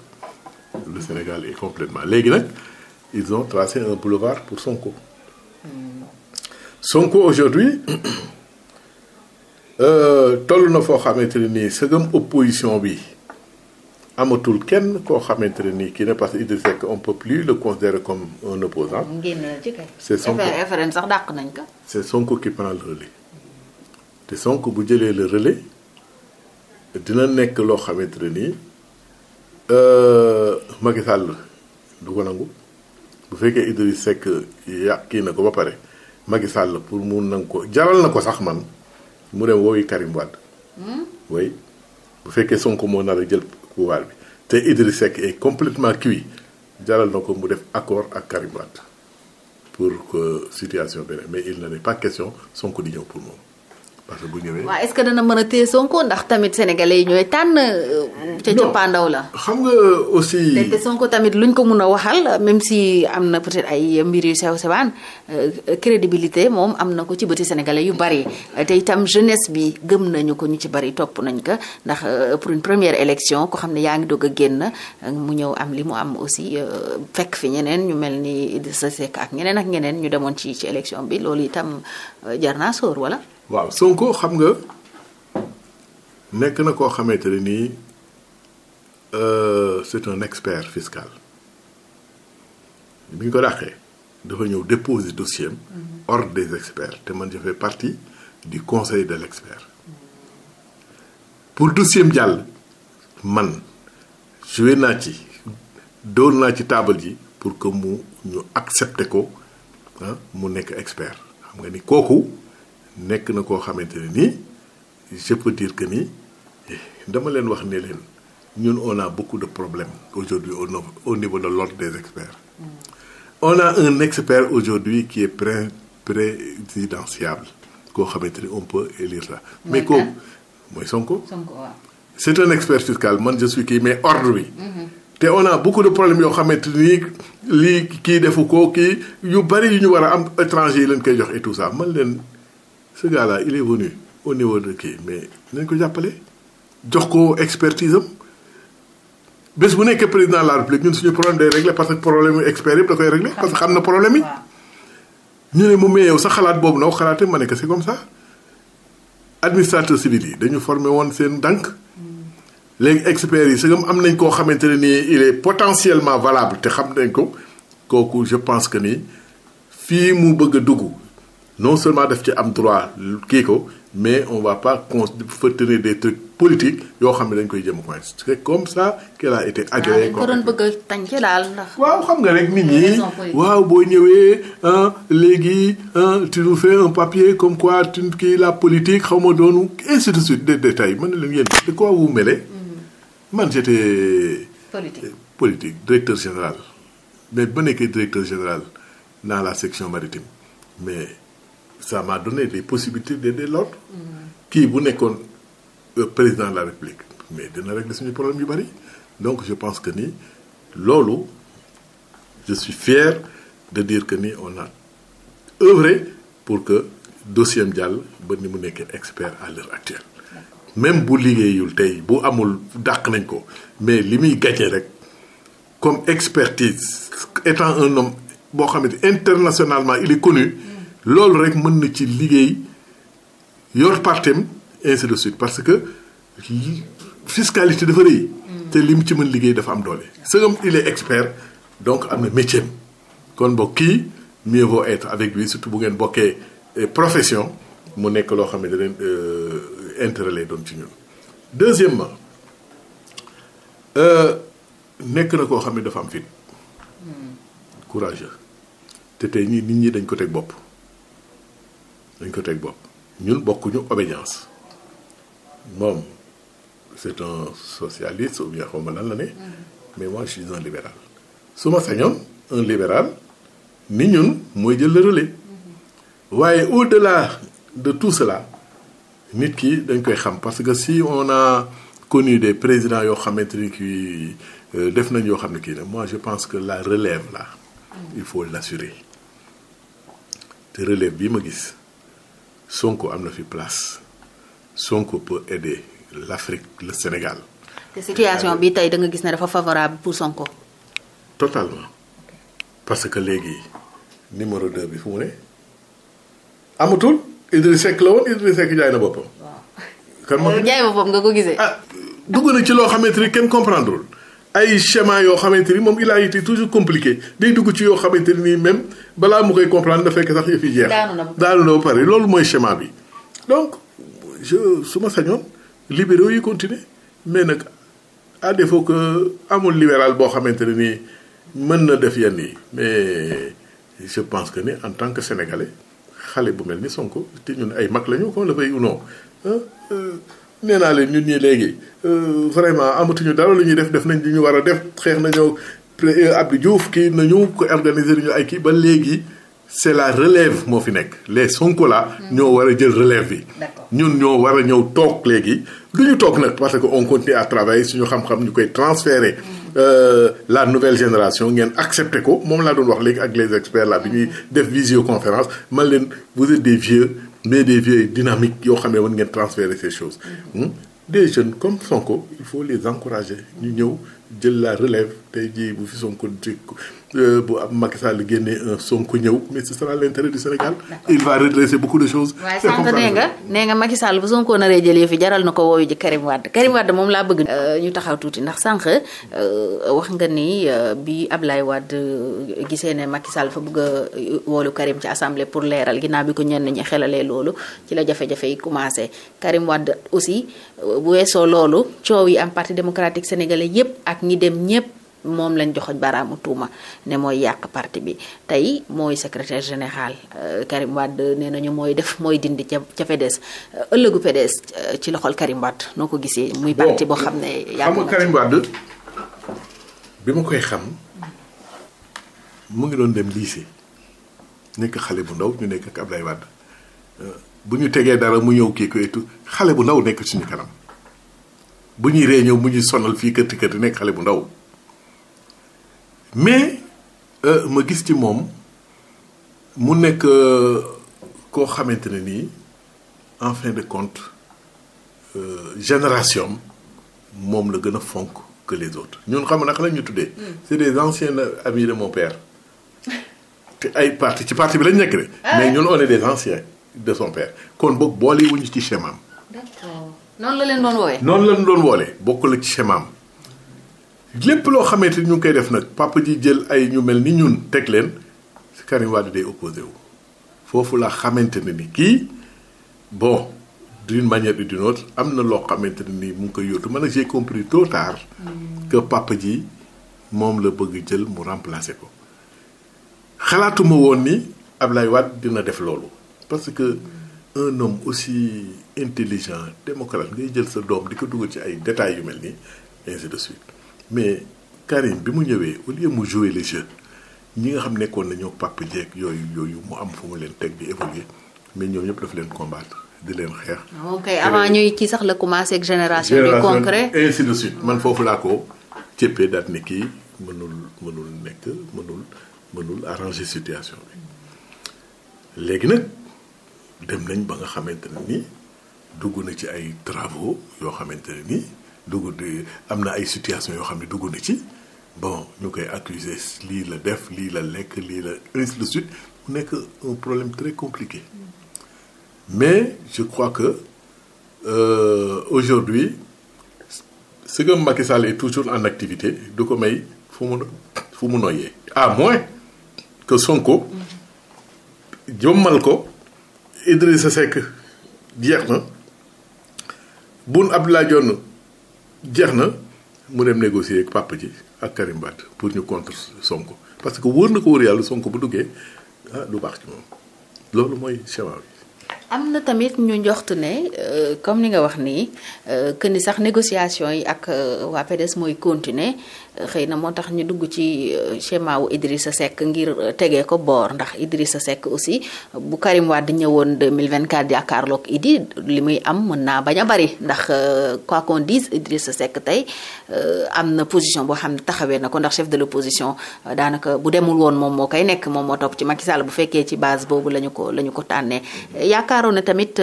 le Sénégal est complètement léegi nag ils ont tracé un boulevard pour Sonko. Sonko aujourd'hui euh, toll na foo xamante ne nii sëgëm opposition bi amatul kenn koo xamante ne nii ki ne parce que Idrissa Seck on peut plus le considérer comme un opposant c'est Sonko sax dàq nañ ko c'est Sonko qui prend le te sonk bu jëlee le relais dina nekk loo xamante ne nii euh, Macky Sall du ko nangu bu fekkee Idriss Seck ya kii na ko ba pare Macky Sall pour mu nangu ko jaral na ko sax man mu dem woowi Karim Wade. Hmm? oui bu fekkee sonk moo nar a jël pouvoir bi te Idriss Seck est complètement cuit jaral na ko mu def accord ak Karim Wade pour que situation beneen mais il na est pas question Sonko di ñëw pour moom. parce que waaw est ce que dana mën a téye Sonko ndax tamit sénégalais yi ñooy tànn. Euh, ca cëppaandaw la. xam nga aussi. te Sonko tamit luñ ko mun a waxal même si am na peut être ay mbir yu sew sewaan euh, crédibilité moom am na ko ci bëti sénégalais yu bari te itam jeunesse bi gëm nañu ko ñu ci bari topp nañ ko ndax euh, pour une première élection ko xam ne yaa ngi dogg a génn mu ñëw am li mu am aussi fekk fi ñeneen ñu mel nii Idrissa Seck ak ñeneen ak ñeneen ñu demoon ci ci élection bi loolu itam jar naa sóor wala. waaw Sonko xam nga nekk na koo xamante ne nii euh, c'est un expert fiscal bi ñu ko dàqee dafa ñëw déposer dossier am mhm. des experts te man je fais partie du conseil de l'expert pour dossier jàll man joué naa ci doon naa ci table ji pour que mu ñu accepter ko mu nekk expert xam nga ni kooku. nekk na koo xamante ne nii je peux dire que ni dama leen wax ne leen ñun on a beaucoup de problèmes aujourd'hui au au niveau de l'ordre des experts. Mm. on a un expert aujourd'hui qui est pré présidentiable koo xamante ni on peut élire ça. mais kooku ah. mooy Sonko. Sonko waaw. c'est un expert fiscal man je suis kii mais ordre bi. Mm-hmm. te on a beaucoup de problèmes yoo xamante ni lii kii defu ko kii yu bari yu ñu war a am étranger yi leen koy jox et tout ça man leen. ce gars là il au niveau de kii mais nañ ko jàppale jox ko expertise am bés bu nekkee président la république ñun suñu problème day réglé parce que problème yu expert yëpp da koy réglé parce que xam na problème yi ñu ne mu mais sa xalaat boobu noo xalaate ma ne que c'est comme ça administrateur civil yi dañu formé woon seen dànk mm. léegi experts yi sagam am nañ koo xamante ne nii il est potentiellement valable te xam nañ ko kooku je pense que nii fii mu bëgg a dugg non seulement def ci am trois kii ko mais on va pas con fa tenir des trucs yoo xam ne dañ koy jëm point c' est comme ça qu' elle a été agréée. Ah, ko doon bëgg a tànc daal ndax. waaw xam nga rek nit ñi waaw boo ñëwee léegi tu nous fais un papier comme quoi tu kii la politique xaw ma doonu ainsi de suite des détails man la ñu yéen de quoi vous mêlez. Mm-hmm. man j' étais. directeur général mais ba nekkee directeur général dans la section maritime mais. ça m'a donné des possibilités d'aider l'autre kii bu nekkoon euh, président de la république mais dina régler suñu problème yu bari donc je pense que ni loolu je suis fier de dire que ni on a œuvré pour que dossier jàll ba ni mu nekkee expert à l'heure actuelle même bu liggéeyul tey bu amul dàq nañ ko mais li muy gagné rek comme expertise étant un homme boo xamante internationalement il est connu loolu rek mën na ci liggéey yor partem ainsi de suite parce que fiscalité dafa rëy. te li mu ci mën liggéey dafa am doole. sëgam il est expert donc am na métier kon boog kii mieux vaut être avec surtout bu ngeen bokkee eh, profession mu nekk loo xam ne da leen euh, intérêt lay doon ci ñun. deuxièmement euh, nekk na koo xam ne dafa am fit hmm. courageux te tey ñii nit ñi dañ ko teg bopp. dañ ko teg bopp ñun bokkuñu obédience moom c'est un socialiste ou bien xaw ma lan ne mm-hmm. mais moi je suis un libéral su ma sañoon un libéral ni ñun mooy jël le relais mm-hmm. waaye au-delà de tout cela nit ki dañ koy xam parce que si on a connu des présidents yoo xamante ni kii euh, def nañ yoo xam ne kii ne moi je pense que la relève la mm. il faut l'assurer te relève bi ma gis Sonko am na fi place Sonko peut aider l'Afrique le Sénégal. te situation bi tey da gis ne dafa favorable pour Sonko. totalement parce que léegi numéro 2 bi fu mu ne amatul Idrissa Seck la woon Idrissa Seck jaay na boppam. waaw jaay boppam nga ko gisee. ah dugg na ci loo xamante ni kenn comprendrewul ay schéma yoo xamante ni moom il a été toujours compliqué day dugg ci yoo xamante ni même balaa mu koy comprendre da fekk sax yëf yi jeex. daanu na ba pare loolu mooy schéma bi. donc je su ma sañoon libéraux yi continuer mais nag à défaut que amul libéral boo xamante ne nii mën na def yenn yi mais je pense que ni en tant que sénégalais xale bu mel ni Sonko te ñun ay mag lañu qu'on le veuille nee naa leen ñun ñii léegi euh, vraiment amatuñu dara lu ñuy def def nañ li ñu war a def xeex nañoo euh, Abdou Diouf kii nañu ko organiser ñu ay kii ba léegi c'est la relève moo fi nekk les Sonko la hmm. ñoo war a jël relève bi ñun ñoo war a ñëw toog léegi du ñu toog nag parce que on continue à travailler suñu xam-xam ñu koy transférer hmm. Euh, la nouvelle génération ngeen accepté ko moom laa doon wax léegi ak les experts là bi ñuy hmm. def visioconférence man leen vous êtes des vieux mais des vieilles dynamiques yoo xam ne war ngeen transférer ces choses mm-hmm. hmm? des jeunes comme Sonko il faut les encourager ñu ñëw jël la relève tey jii bu fi Sonko Euh, bu ab Macky Sall génnee un Sonko ñëw mais ce sera l'intérêt du Sénégal. il va redresser beaucoup de waaye sànq nee nga nee nga Macky Sall bu Sonko naree jël fi jaral na ko wooyu ji Karim Wade Karim Wade moom laa bëgg. Euh, ñu taxaw tuuti ndax sànq euh, wax nga ni bi ab lay wadd gisee ne Macky Sall fa bëgg a woolu Karim ci assemblée pour leeral ginnaaw bi ko ñenn ñi xelalee loolu ci la jafe-jafe yi commencé Karim Wade aussi bu weesoo loolu coow yi am parti démocratique sénégalais yépp ak ñi dem ñépp. moom lañ joxoñ baraamu tuuma ne mooy yàq parti bi tey mooy secretaire général euh, Karim Wade nee nañu mooy def mooy dindi ca ca PDS euh, ëllëgu PDS euh, ci loxol Karim Wade noo ko gisee. muy parti boo xam ne yàgg na Karim Wade bi ma koy xam mu ngi doon dem lycée nekk xale bu ndaw ñu nekk ak Ablaye bu ñu tegee dara mu ñëw kii ko xale bu ndaw nekk suñu kanam bu ñuy ree ñëw mu ñuy sonal fii kërti kërti nekk xale bu ndaw. mais euh, ma gis ci moom mu nekk euh, koo xamante ne nii en fin de compte euh, génération moom la gën a fonk que les autres ñun xam naka la ñu tuddee. Mm. c'est des anciens amis de mon père. te ay parti ci parti bi lañ nekk de. Ah. mais ñun on des anciens de son père kon boog boole wuñu ci schéma am. noonu la leen doon wooyee. noonu la leen doon woolee bokkul ci schéma lépp loo xamante ni ñu ngi koy def nag papa ji jël ay ñu mel ni ñun teg leen si Karim Wade day opposé wu foofu la xamante ne ni kii bon d'une manière bi d'une autre am na loo xamante ne ni mu ngi koy yóotu man a j'ai compris tôt tard mm. papa ji moom la bëgg jël mu remplacer ko xalaatuma woon ni Ablaye Wade dina def loolu parce que un homme aussi intelligent démocrate ngay jël sa doom di ko dugal ci ay détails yu mel nii ainsi de suite mais Karim bi mu ñëwee au lieu mu jouer le ñi nga xam nekkoon nañoo Pape Dieng yooyu yooyu mu am fu mu leen teg bi évoluer mais ñoom ñëpp dafa leen combattre di leen xeex. Ah, ok avant ñuy kii sax la commencé ak génération. du concret man foofu laa ko cëppee ne kii mënul mënul nekk mënul mënul arranger situation bi léegi nag dem nañ ba nga xamante ne ni dugg na ci ay travaux yoo xamante ne ni. dugg am na ay situation yoo xam ne dugg na ci bon ñu koy accuser lii la def lii la lekk lii la ainsi le suite mu nekk un problème très compliqué mais je crois que euh, aujourd'hui ce que Macky Sall toujours en activité du ko may fu mu fu mu noyyee à moins que Sonko jommal ko Idrissa Seck jeex na ab Abdallah Dionne jeex na mu dem négocier ak papa ji ak Karim Wade pour ñu contre Sonko parce que wóor na ko wóor yàlla Sonko bu duggee ah du baax ci moom loolu mooy schéma am na tamit ñu njoxtu ne euh, comme ni nga wax nii euh, que ni sax négociation yi ak euh, waa PDS mooy continuer xëy na moo tax ñu dugg ci euh, schéma wu Idrissa Seck ngir euh, tegee ko boor ndax sa Seck aussi bu Karim Wade ñëwoon 2024 jàkkaarloog Idi li muy am mën naa bañ a bari ndax euh, quoi qu'on dise Idrissa Seck tey am na position boo xam ne taxawee na ko ndax chef de la position daanaka bu demul woon moom moo koy nekk moom moo topp ci Macky Sall bu fekkee ci base boobu lañu ko lañu ko tànnee yaakaaroon na tamit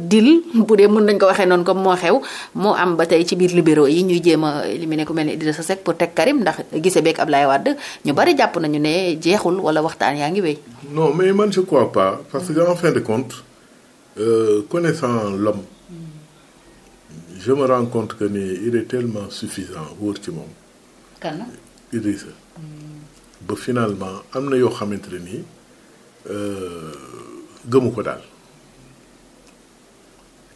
deal bu dee mun nañ ko waxee noonu comme moo xew moo am ba tey ci biir libéraux yi ñuy jéem ku mel ni Idrissa Seck pour teg Karim ndax gise beeg Ablaye Wade ñu bari jàpp nañu ne jeexul wala waxtaan yaa ngi wéy. non mais man je crois pas parce que en fin de compte euh, connaissant l'homme je me rends que ni il est tellement ci moom. kan hmm. ba finalement am na yoo xamante ne nii euh, gëmu ko daal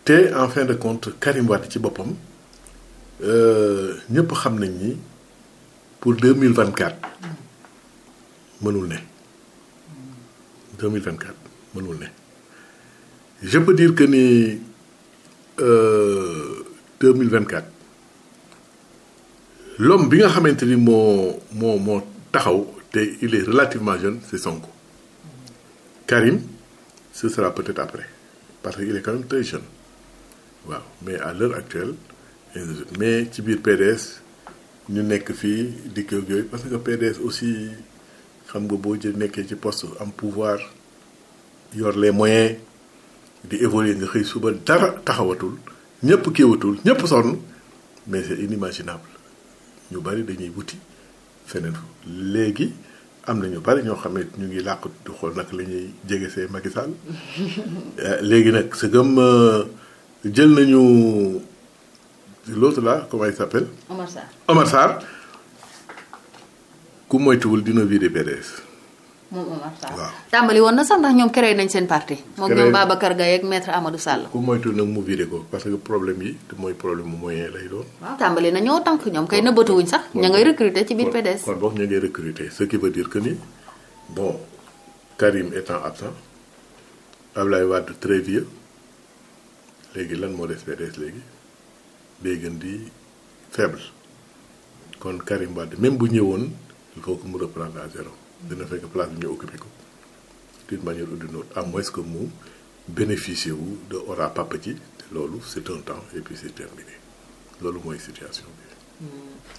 te en fin de compte Karim Wade ci boppam. Euh, ñëpp xam nañ ni pour deux mille vingt quatre mënul ne deux mille vingt quatre mënul ne je peux dire que ni euh, deux mille vingt quatre l'homme bi nga xamante ni moo moo moo taxaw te il est relativement jeune c'est Sonko Karim ce sera peut-être après parce qu'il est quand même jeune waaw mais à l'heure actuelle mais ci biir PDS ñu nekk fii dikk ak yooyu parce que PDS aussi xam nga boo jël nekkee ci poste am pouvoir yor les moyens di évoluer nga xëy suba dara taxawatul ñëpp kiiwatul ñëpp sonn mais c'est inimaginable ñu bari dañuy wuti feneen léegi am na ñu bari ñoo xam ne ñu ngi làq di xool nag la ñuy jege see Macky euh, léegi nag sëgam euh, jël nañu. l'autre là comment il s'appelle Omar Sarr Omar Sarr ku moytuwul dina viré PDS. moom Omar Sarr waaw. tàmbali woon na sax ndax ñoom créé nañ seen parti. créé moom ñoom Babacar Gaye ak maître Amadou Sall. ku moytuwul nag mu viré ko parce que problème yi mooy problème mu moyen lay doon. waaw tàmbali na ñoo tànk ñoom kay nëbbatuwuñ sax. ña ngay recruter ci biir PDS. kon boog ña ngay recruter ce qui veut dire que ni bon Karim étant absent Ablaye Wade très vieux léegi lan moo des PDS léegi. day gën faible kon Karim Wade bu ñëwoon il faut que mu reprendre à zéro dina fekk place bi ñu occupé ko d'une manière ou d'une autre à mu bénéficier wu de aura te loolu c'est un temps et puis c'est terminé loolu mooy situation bi. Hmm.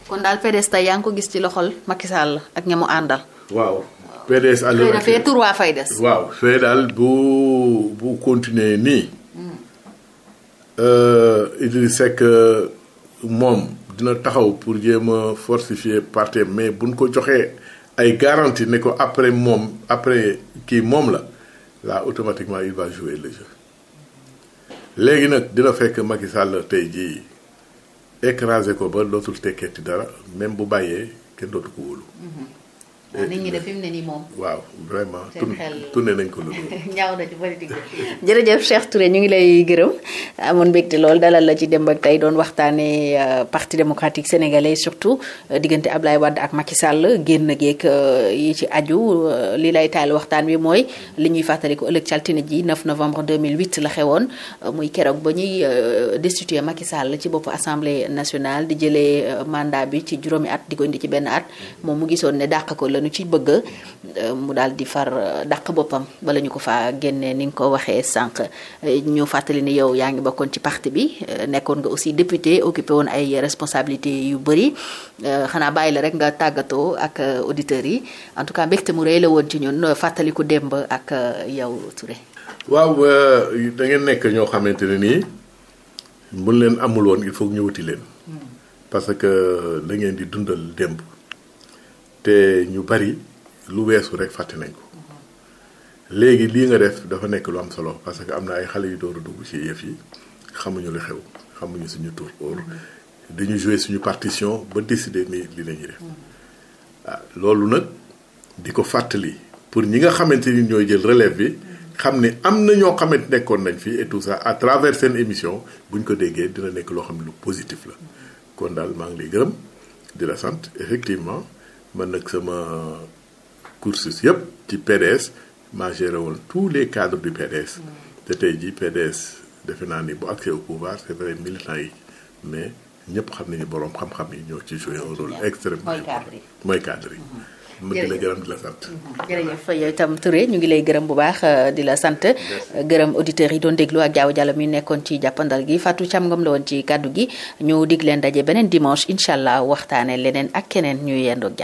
kon daal PDS tey yaa ngi ko gis ci loxol Macky Sall ak ña mu àndal. waaw PDS. àll ba fee tur waa fay des. waaw fee daal bu bu continuer Euh, Idriss Seck moom dina taxaw pour jéem a fortifier parti mais buñ ko joxee ay garantie ne ko après moom après kii moom la là automatiquement il va jouer le léegi nag dina fekk Macky Sall tey jii écrasé ko ba dootul tekkeeti dara même bu bàyyee kenn dootu ko wóolu mm-hmm. Ah, nit ñi de fi ne nii moom. waaw vraiment tourné nañ ko lu ñaaw na ci bëri digg jërëjëf Cheikh Touré ñu ngi lay gërëm amoon mbégte lool dalal la ci démb ak tey doon waxtaanee euh, parti démocratique sénégalais surtout euh, diggante Ablaye Wade ak Macky Sall génn geek euh, yi ci aju li lay taal waxtaan wi mooy li ñuy fàttali ko ëllëg caltine ji 9 novembre 2008 la xewoon muy keroog ba ñuy destituer Macky Sall ci bopp assemblée nationale di jëlee mandat bi ci juróomi at di ko indi ci benn at moom mu gisoon ne dañu ci bëgg euh, mu daal di far euh, dàq boppam bala ñu ko faa génnee ni nga ko waxee sànq euh, ñu fàttali ni yow yaa ngi bokkoon ci parti bi nekkoon nga aussi député occupé woon ay responsabilité yu bëri xanaa bàyyi la rek nga tàggatoo ak auditeurs yi en tout cas mbégte mu rëy la woon ci ñun fàttaliku démb ak yow Touré. waaw da ngeen nekk ñoo xamante ne nii bu leen amul woon il faut ñu wuti leen. Hmm. parce que da di dundal démb. te ñu bari lu weesu rek fàtte nañ ko léegi lii nga def dafa nekk lu am solo parce que am na ay xale yu door a dugg ci yëf yi xamuñu lu xew xamuñu suñu tour or dañu jouer suñu partition ba décider ni li la ñuy def ah, loolu nag di ko fàttali pour ñi nga xamante ni ñooy jël relève bi xam ne am na ñoo xamante nekkoon nañ fii et tout ça à travers seen émission buñ ko déggee dina nekk loo xam ne lu positif la kon daal maa ngi lay gërëm di la sant effectivement. man nag sama cursus yëpp ci PDS maa géré woon tous les cadres du PDS te tey jii PDS defe naa ni bu accès au pouvoir c'est yi mais ñëpp xam nañu boroom xam-xam yi ñoo ci joué un rôle extrêmement mooy cadre yi jërëjëf mm-hmm. di la gërëm di la sant. Mm-hmm. ñu ngi lay gërëm bu baax euh, di la sant. gërëm auditeurs yi doon déglu ak jaaw jàll mi nekkoon ci jàppandal gi Fatou Thiam ngam la woon ci kàddu gi ñu dig leen daje beneen dimanche incha allah waxtaanee leneen ak keneen ñu yendoog jàmm.